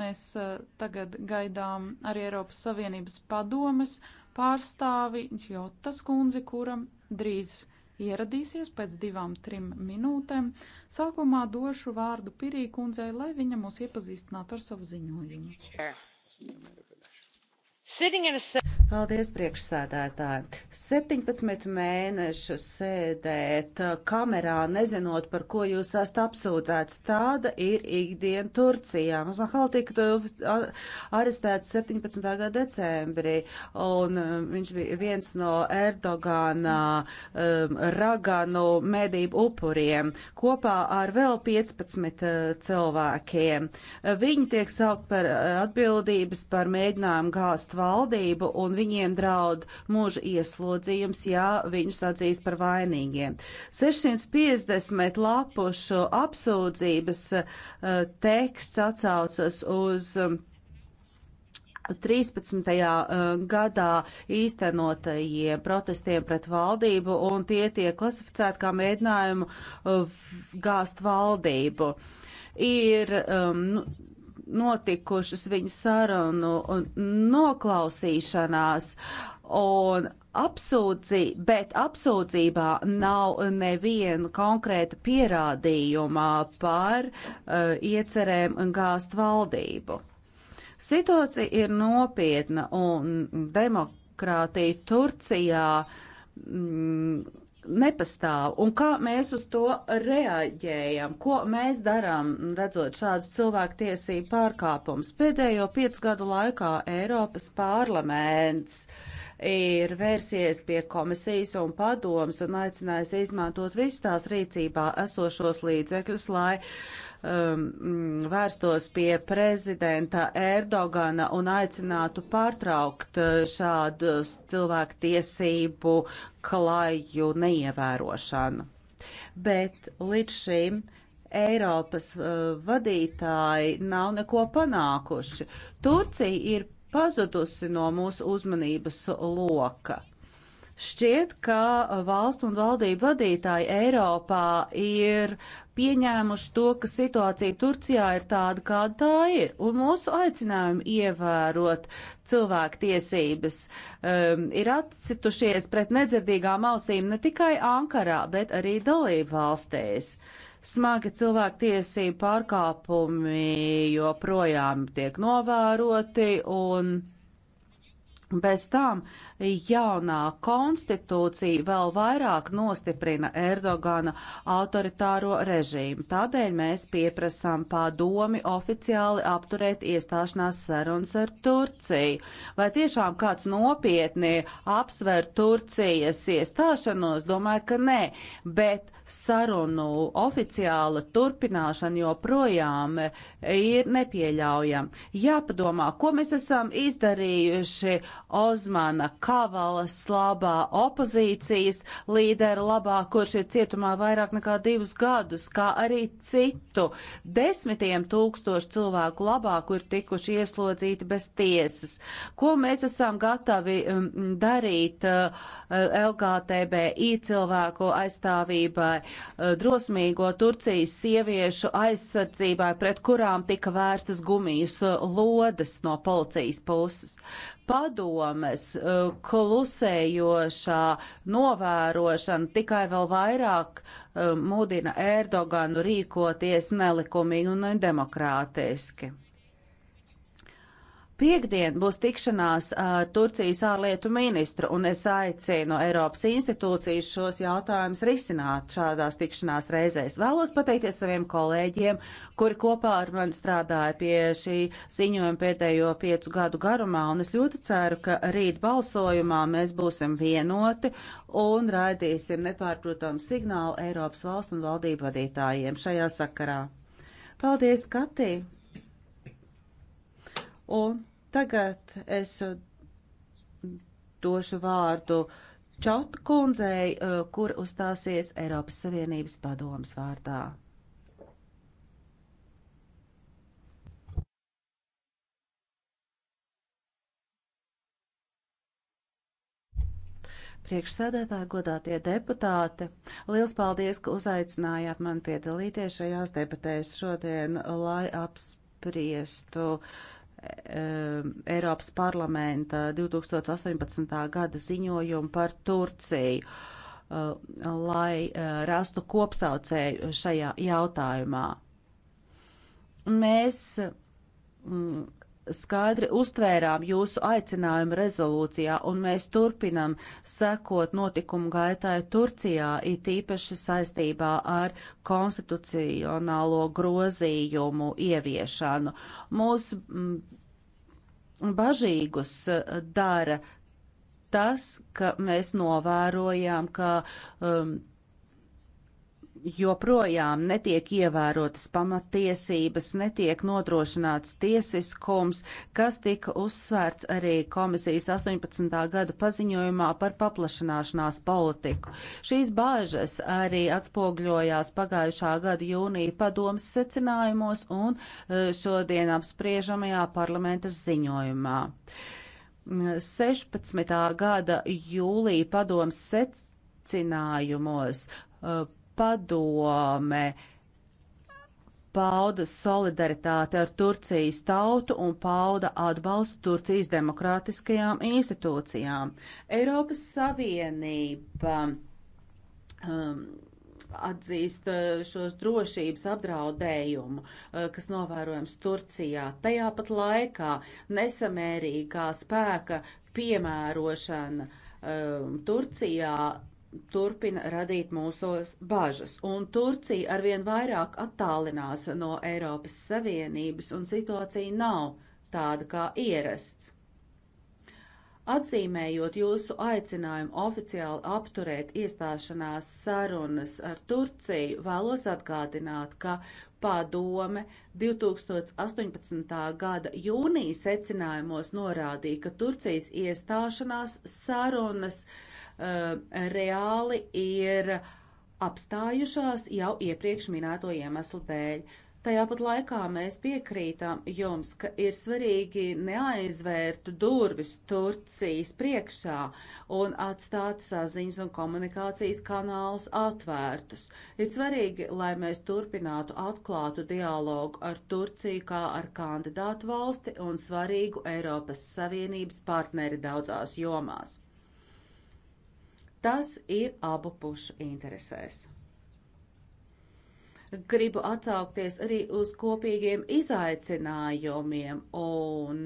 Mēs e, tagad gaidām arī Eiropas Savienības padomes pārstāvi Jotas kundzi, kuram drīz ieradīsies pēc divām, trim minūtēm. Sākumā došu vārdu Pirī kundzei, lai viņa mūs iepazīstinātu ar savu ziņojumu. Paldies, priekšsēdētāji. 17 mēnešu sēdēt uh, kamerā, nezinot, par ko jūs esat apsūdzēts. Tāda ir ikdiena Turcijā. Mums Mahal tika uh, arestēts 17. gada decembrī, un um, viņš bija viens no Erdogana um, raganu medību upuriem, kopā ar vēl 15 uh, cilvēkiem. Viņi tiek saukt par uh, atbildības par mēģinājumu gāzt valdību un viņiem draud mūža ieslodzījums, ja viņus atzīs par vainīgiem. 650 lapušu apsūdzības eh, teksts atsaucas uz 13. Um, eh, gadā īstenotajiem protestiem pret valdību, un tie tiek klasificēti kā mēģinājumu eh, gāzt valdību. Ir um, nu, notikušas viņa sarunu noklausīšanās un apsūdzī, bet apsūdzībā nav neviena konkrēta pierādījumā par uh, iecerēm un gāzt valdību. Situācija ir nopietna un demokrātija Turcijā. Mm, nepastāv un kā mēs uz to reaģējam, ko mēs darām, redzot šādus cilvēku tiesību pārkāpumus. Pēdējo piecu gadu laikā Eiropas parlaments ir vērsies pie komisijas un padomas un aicinājis izmantot visus tās rīcībā esošos līdzekļus, lai uh, um, vērstos pie prezidenta Erdogana un aicinātu pārtraukt uh, šādu cilvēku tiesību klaju neievērošanu. Bet līdz šim Eiropas uh, vadītāji nav neko panākuši. Turcija ir pazudusi no mūsu uzmanības loka. Šķiet, ka valstu un valdību vadītāji Eiropā ir pieņēmuši to, ka situācija Turcijā ir tāda, kāda tā ir, un mūsu aicinājumi ievērot cilvēktiesības um, ir atcitušies pret nedzirdīgām ausīm ne tikai Ankarā, bet arī dalību valstīs. Smagi cilvēktiesību pārkāpumi joprojām tiek novēroti un bez tām uh, jaunā konstitūcija vēl vairāk nostiprina Erdogana autoritāro režīmu. Tādēļ mēs pieprasām padomi oficiāli apturēt iestāšanās sarunas ar Turciju. Vai tiešām kāds nopietni apsver Turcijas iestāšanos? Domāju, ka nē, bet sarunu oficiāla turpināšana joprojām ir nepieļaujama. Jāpadomā, ko mēs esam izdarījuši Ozmana Kavalas labā, opozīcijas līdera labā, kurš ir cietumā vairāk nekā divus gadus, kā arī citu desmitiem tūkstošu cilvēku labā, kur tikuši ieslodzīti bez tiesas. Ko mēs esam gatavi um, darīt uh, LGTBI cilvēku aizstāvībai, uh, drosmīgo Turcijas sieviešu aizsardzībai, pret kurām tika vērstas gumijas uh, lodes no policijas puses? padomes uh, klusējošā novērošana tikai vēl vairāk uh, mudina Erdoganu rīkoties nelikumīgi un nedemokrātiski. Piektdien būs tikšanās ar Turcijas ārlietu ministru, un es aicinu Eiropas institūcijas šos jautājumus risināt šādās tikšanās reizēs. Vēlos pateikties saviem kolēģiem, kuri kopā ar mani strādāja pie šī ziņojuma pēdējo piecu gadu garumā, un es ļoti ceru, ka rīt balsojumā mēs būsim vienoti un raidīsim nepārprotamu signālu Eiropas valstu un valdību vadītājiem šajā sakarā. Paldies, Katī! Un tagad es došu vārdu Čautu kundzei, uh, kur uzstāsies Eiropas Savienības padomas vārdā. Priekšsēdētāji, godātie deputāti, liels paldies, ka uzaicinājāt mani piedalīties šajās debatēs šodien, lai apspriestu uh, Um, Eiropas parlamenta 2018. gada ziņojumu par Turciju, uh, lai uh, rastu kopsaucēju šajā jautājumā. Mēs mm, skaidri uztvērām jūsu aicinājumu rezolūcijā, un mēs turpinam sekot notikumu gaitai Turcijā, it īpaši saistībā ar konstitucionālo grozījumu ieviešanu. Mūs mm, bažīgus eh, dara tas, ka mēs novērojām, ka um, joprojām netiek ievērotas pamatiesības, netiek nodrošināts tiesiskums, kas tika uzsvērts arī komisijas 18. gada paziņojumā par paplašanāšanās politiku. Šīs bāžas arī atspogļojās pagājušā gada jūnija padomas secinājumos un e, šodien apspriežamajā parlamentas ziņojumā. 16. gada jūlija padomas secinājumos e, padome pauda solidaritāti ar Turcijas tautu un pauda atbalstu Turcijas demokrātiskajām institūcijām. Eiropas Savienība um, atzīst uh, šos drošības apdraudējumu, uh, kas novērojams Turcijā. Tajā pat laikā nesamērīgā spēka piemērošana um, Turcijā turpina radīt mūsos bažas, un Turcija arvien vairāk attālinās no Eiropas Savienības, un situācija nav tāda kā ierasts. Atzīmējot jūsu aicinājumu oficiāli apturēt iestāšanās sarunas ar Turciju, vēlos atgādināt, ka padome 2018. gada jūnija secinājumos norādīja, ka Turcijas iestāšanās sarunas uh, Eh, reāli ir apstājušās jau iepriekš minēto iemeslu dēļ. Tajā pat laikā mēs piekrītam jums, ka ir svarīgi neaizvērt durvis Turcijas priekšā un atstāt saziņas un komunikācijas kanālus atvērtus. Ir svarīgi, lai mēs turpinātu atklātu dialogu ar Turciju kā ar kandidātu valsti un svarīgu Eiropas Savienības partneri daudzās jomās. Tas ir abu pušu interesēs. Gribu atsaukties arī uz kopīgiem izaicinājumiem un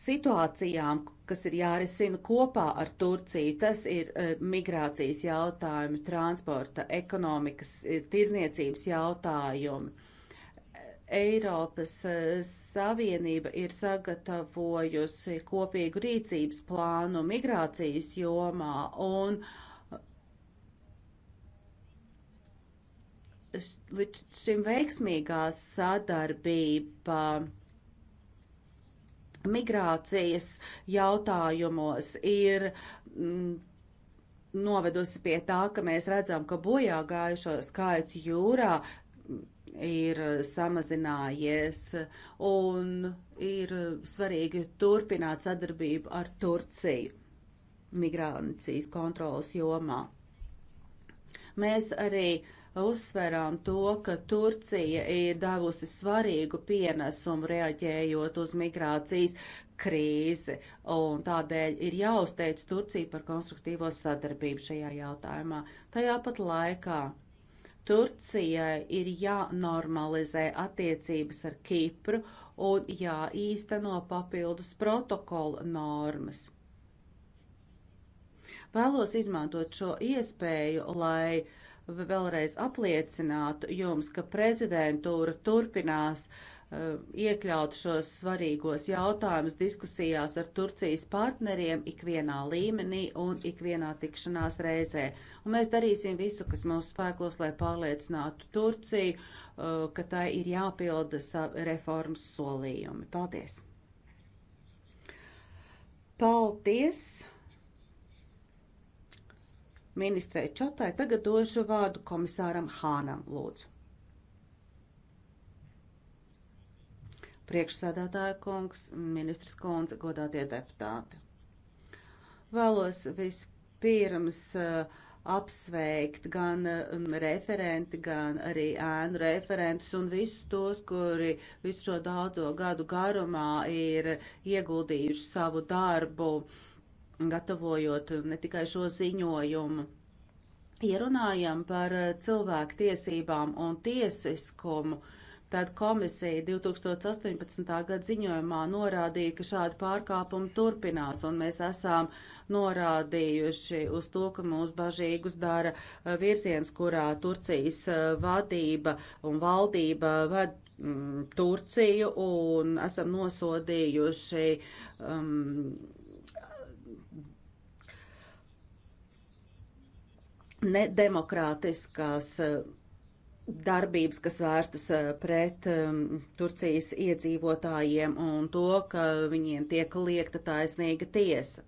situācijām, kas ir jārisina kopā ar Turciju. Tas ir eh, migrācijas jautājumi, transporta, ekonomikas, eh, tirzniecības jautājumi Eiropas eh, Savienība ir sagatavojusi kopīgu rīcības plānu migrācijas jomā un eh, līdz šim veiksmīgā sadarbība migrācijas jautājumos ir mm, novedusi pie tā, ka mēs redzam, ka bojā gājušo skaits jūrā ir samazinājies un ir svarīgi turpināt sadarbību ar Turciju migrācijas kontrolas jomā. Mēs arī uzsverām to, ka Turcija ir devusi svarīgu pienesumu reaģējot uz migrācijas krīzi, un tādēļ ir jāuzteic Turcija par konstruktīvo sadarbību šajā jautājumā. Tajā pat laikā Turcijai ir jānormalizē attiecības ar Kipru un jāīsteno papildus protokola normas. Vēlos izmantot šo iespēju, lai vēlreiz apliecinātu jums, ka prezidentūra turpinās uh, Eh, iekļaut šos svarīgos jautājumus diskusijās ar Turcijas partneriem ikvienā līmenī un ikvienā tikšanās reizē. Un mēs darīsim visu, kas mūsu spēkos, lai pārliecinātu Turciju, eh, ka tai ir jāpilda reformas solījumi. Paldies! Paldies! Ministrei Čotai tagad došu vārdu komisāram Hānam, lūdzu. priekšsēdētāja kungs, ministrs kundze, godātie deputāti. Vēlos vispirms uh, apsveikt gan mm, referenti, gan arī ēnu referentus un visus tos, kuri visu šo daudzo gadu garumā ir ieguldījuši savu darbu, gatavojot ne tikai šo ziņojumu. Ierunājam par eh, cilvēku tiesībām un tiesiskumu. Uh, Tad komisija 2018. gada ziņojumā norādīja, ka šādi pārkāpumi turpinās, un mēs esam norādījuši uz to, ka mūs bažīgus dara eh, virziens, kurā Turcijas eh, vadība un valdība ved mm, Turciju, un esam nosodījuši. Um, nedemokrātiskās uh, darbības, kas vērstas eh, pret um, Turcijas iedzīvotājiem un to, ka viņiem tiek liekta taisnīga tiesa.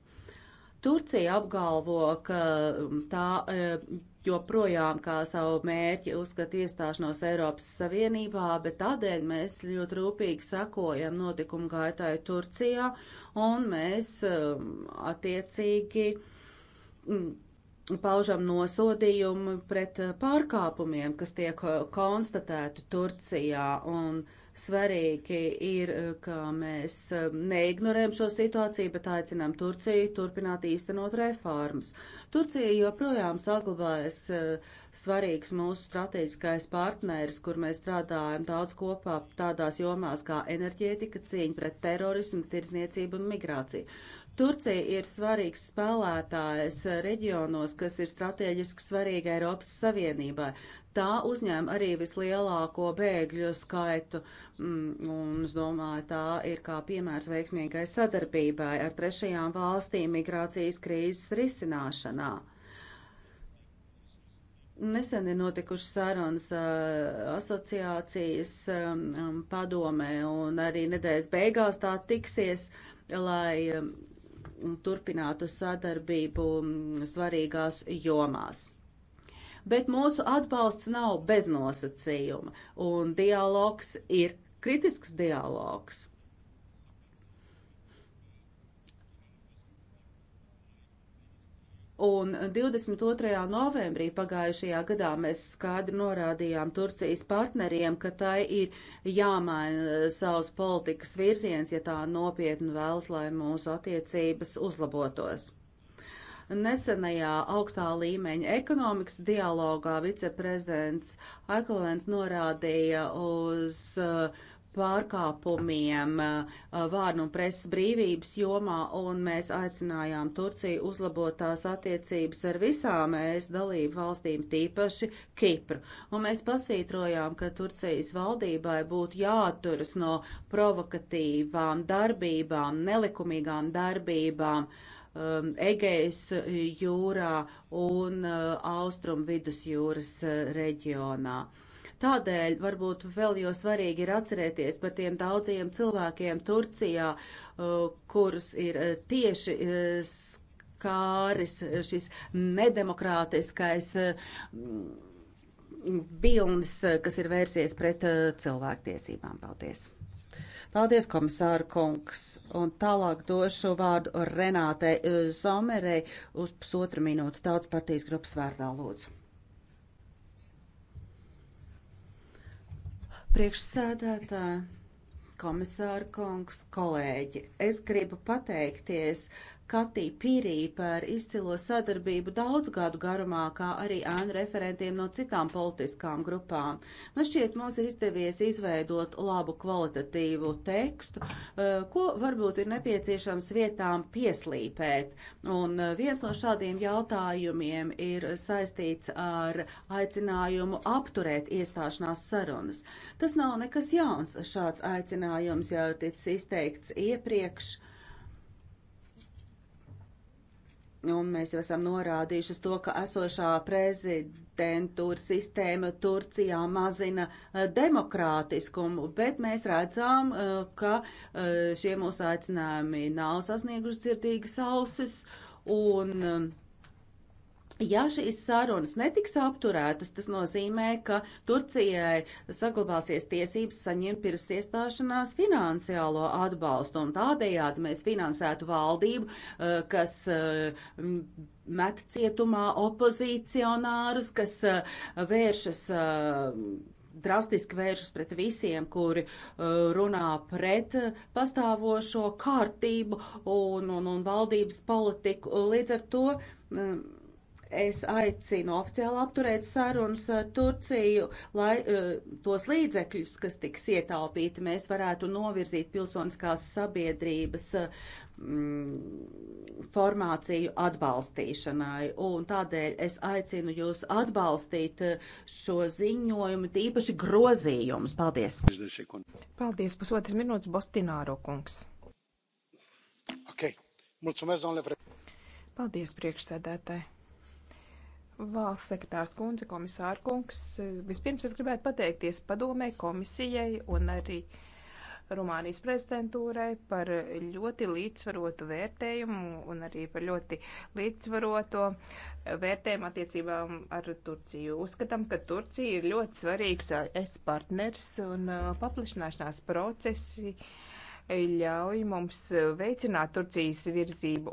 Turcija apgalvo, ka ehm, tā eh, joprojām kā savu mērķi uzskata iestāšanos Eiropas Savienībā, bet tādēļ mēs ļoti rūpīgi sakojam notikumu gaitai Turcijā un mēs um, attiecīgi um, paužam nosodījumu pret eh, pārkāpumiem, kas tiek eh, konstatēti Turcijā, un svarīgi ir, eh, ka mēs neignorējam šo situāciju, bet aicinām Turciju turpināt īstenot reformas. Turcija joprojām saglabājas svarīgs mūsu strateģiskais partneris, kur mēs strādājam daudz kopā tādās jomās kā enerģētika, cīņa pret terorismu, tirzniecību un migrāciju. Turcija ir svarīgs spēlētājs reģionos, kas ir strateģiski svarīga Eiropas Savienībai. Tā uzņēma arī vislielāko bēgļu skaitu, mm, un es domāju, tā ir kā piemērs veiksmīgai sadarbībai ar trešajām valstīm migrācijas krīzes risināšanā. Nesen ir notikušas sarunas asociācijas padomē, un arī nedēļas beigās tā tiksies, lai turpinātu sadarbību mm, svarīgās jomās bet mūsu atbalsts nav bez nosacījuma, un dialogs ir kritisks dialogs. Un 22. novembrī pagājušajā gadā mēs skaidri norādījām Turcijas partneriem, ka tai ir jāmaina savs politikas virziens, ja tā nopietni vēlas, lai mūsu attiecības uzlabotos. Nesenajā augstā līmeņa ekonomikas dialogā viceprezidents Aikolēns norādīja uz uh, pārkāpumiem vārnu un presas brīvības jomā, un mēs aicinājām Turciju uzlabot tās attiecības ar visām ES dalību valstīm, tīpaši Kipru. Un mēs pasītrojām, ka Turcijas valdībai būtu jāatturas no provokatīvām darbībām, nelikumīgām darbībām. Um, Egejas jūrā un uh, Austrum vidusjūras uh, reģionā. Uh, Tādēļ varbūt vēl jo svarīgi ir atcerēties par tiem daudziem cilvēkiem Turcijā, uh, kurus ir uh, tieši uh, skāris šis nedemokrātiskais vilnis, kas ir vērsies pret cilvēktiesībām. Paldies! Paldies, komisāra kungs! Un tālāk došu vārdu Renātei Zomerei uz pusotru minūtu tautas partijas grupas vārdā lūdzu. Priekšsēdētāji, komisāra kungs, kolēģi, es gribu pateikties Katī Pīrī par izcilo sadarbību daudz gadu garumā, kā arī ēnu referentiem no citām politiskām grupām. Man šķiet, mums ir izdevies izveidot labu kvalitatīvu tekstu, eh, ko varbūt ir nepieciešams vietām pieslīpēt. Un eh, viens no šādiem jautājumiem ir saistīts ar aicinājumu apturēt iestāšanās sarunas. Tas nav nekas jauns. Šāds aicinājums jau ir ticis izteikts iepriekš. un mēs jau esam norādījuši uz to, ka esošā prezidentūra sistēma Turcijā mazina eh, demokrātiskumu, bet mēs redzam, eh, ka eh, šie mūsu aicinājumi nav sasnieguši dzirdīgas ausis un Ja šīs sarunas netiks apturētas, tas nozīmē, ka Turcijai saglabāsies tiesības saņemt pirms iestāšanās finansiālo atbalstu, un tādējādi mēs finansētu valdību, eh, kas eh, met cietumā opozicionārus, kas eh, vēršas drastiski vēršas pret visiem, kuri runā pret pastāvošo kārtību un, un, un valdības politiku. Līdz ar to Es aicinu oficiāli apturēt sarunas ar Turciju, lai eh, tos līdzekļus, kas tiks ietaupīti, mēs varētu novirzīt pilsoniskās sabiedrības eh, mm, formāciju atbalstīšanai. Un tādēļ es aicinu jūs atbalstīt eh, šo ziņojumu, tīpaši grozījumus. Paldies! Paldies, pusotras minūtes, Bostināro kungs. Okay. Mulțumesc, domnule președinte. Paldies, priekšsēdētāji. Valsts sekretārs kundze, komisāra kungs, vispirms es gribētu pateikties padomē komisijai un arī Rumānijas prezidentūrai par ļoti līdzsvarotu vērtējumu un arī par ļoti līdzsvaroto vērtējumu attiecībām ar Turciju. Uzskatām, ka Turcija ir ļoti svarīgs es partners un uh, paplašināšanās procesi ļauj mums veicināt Turcijas virzību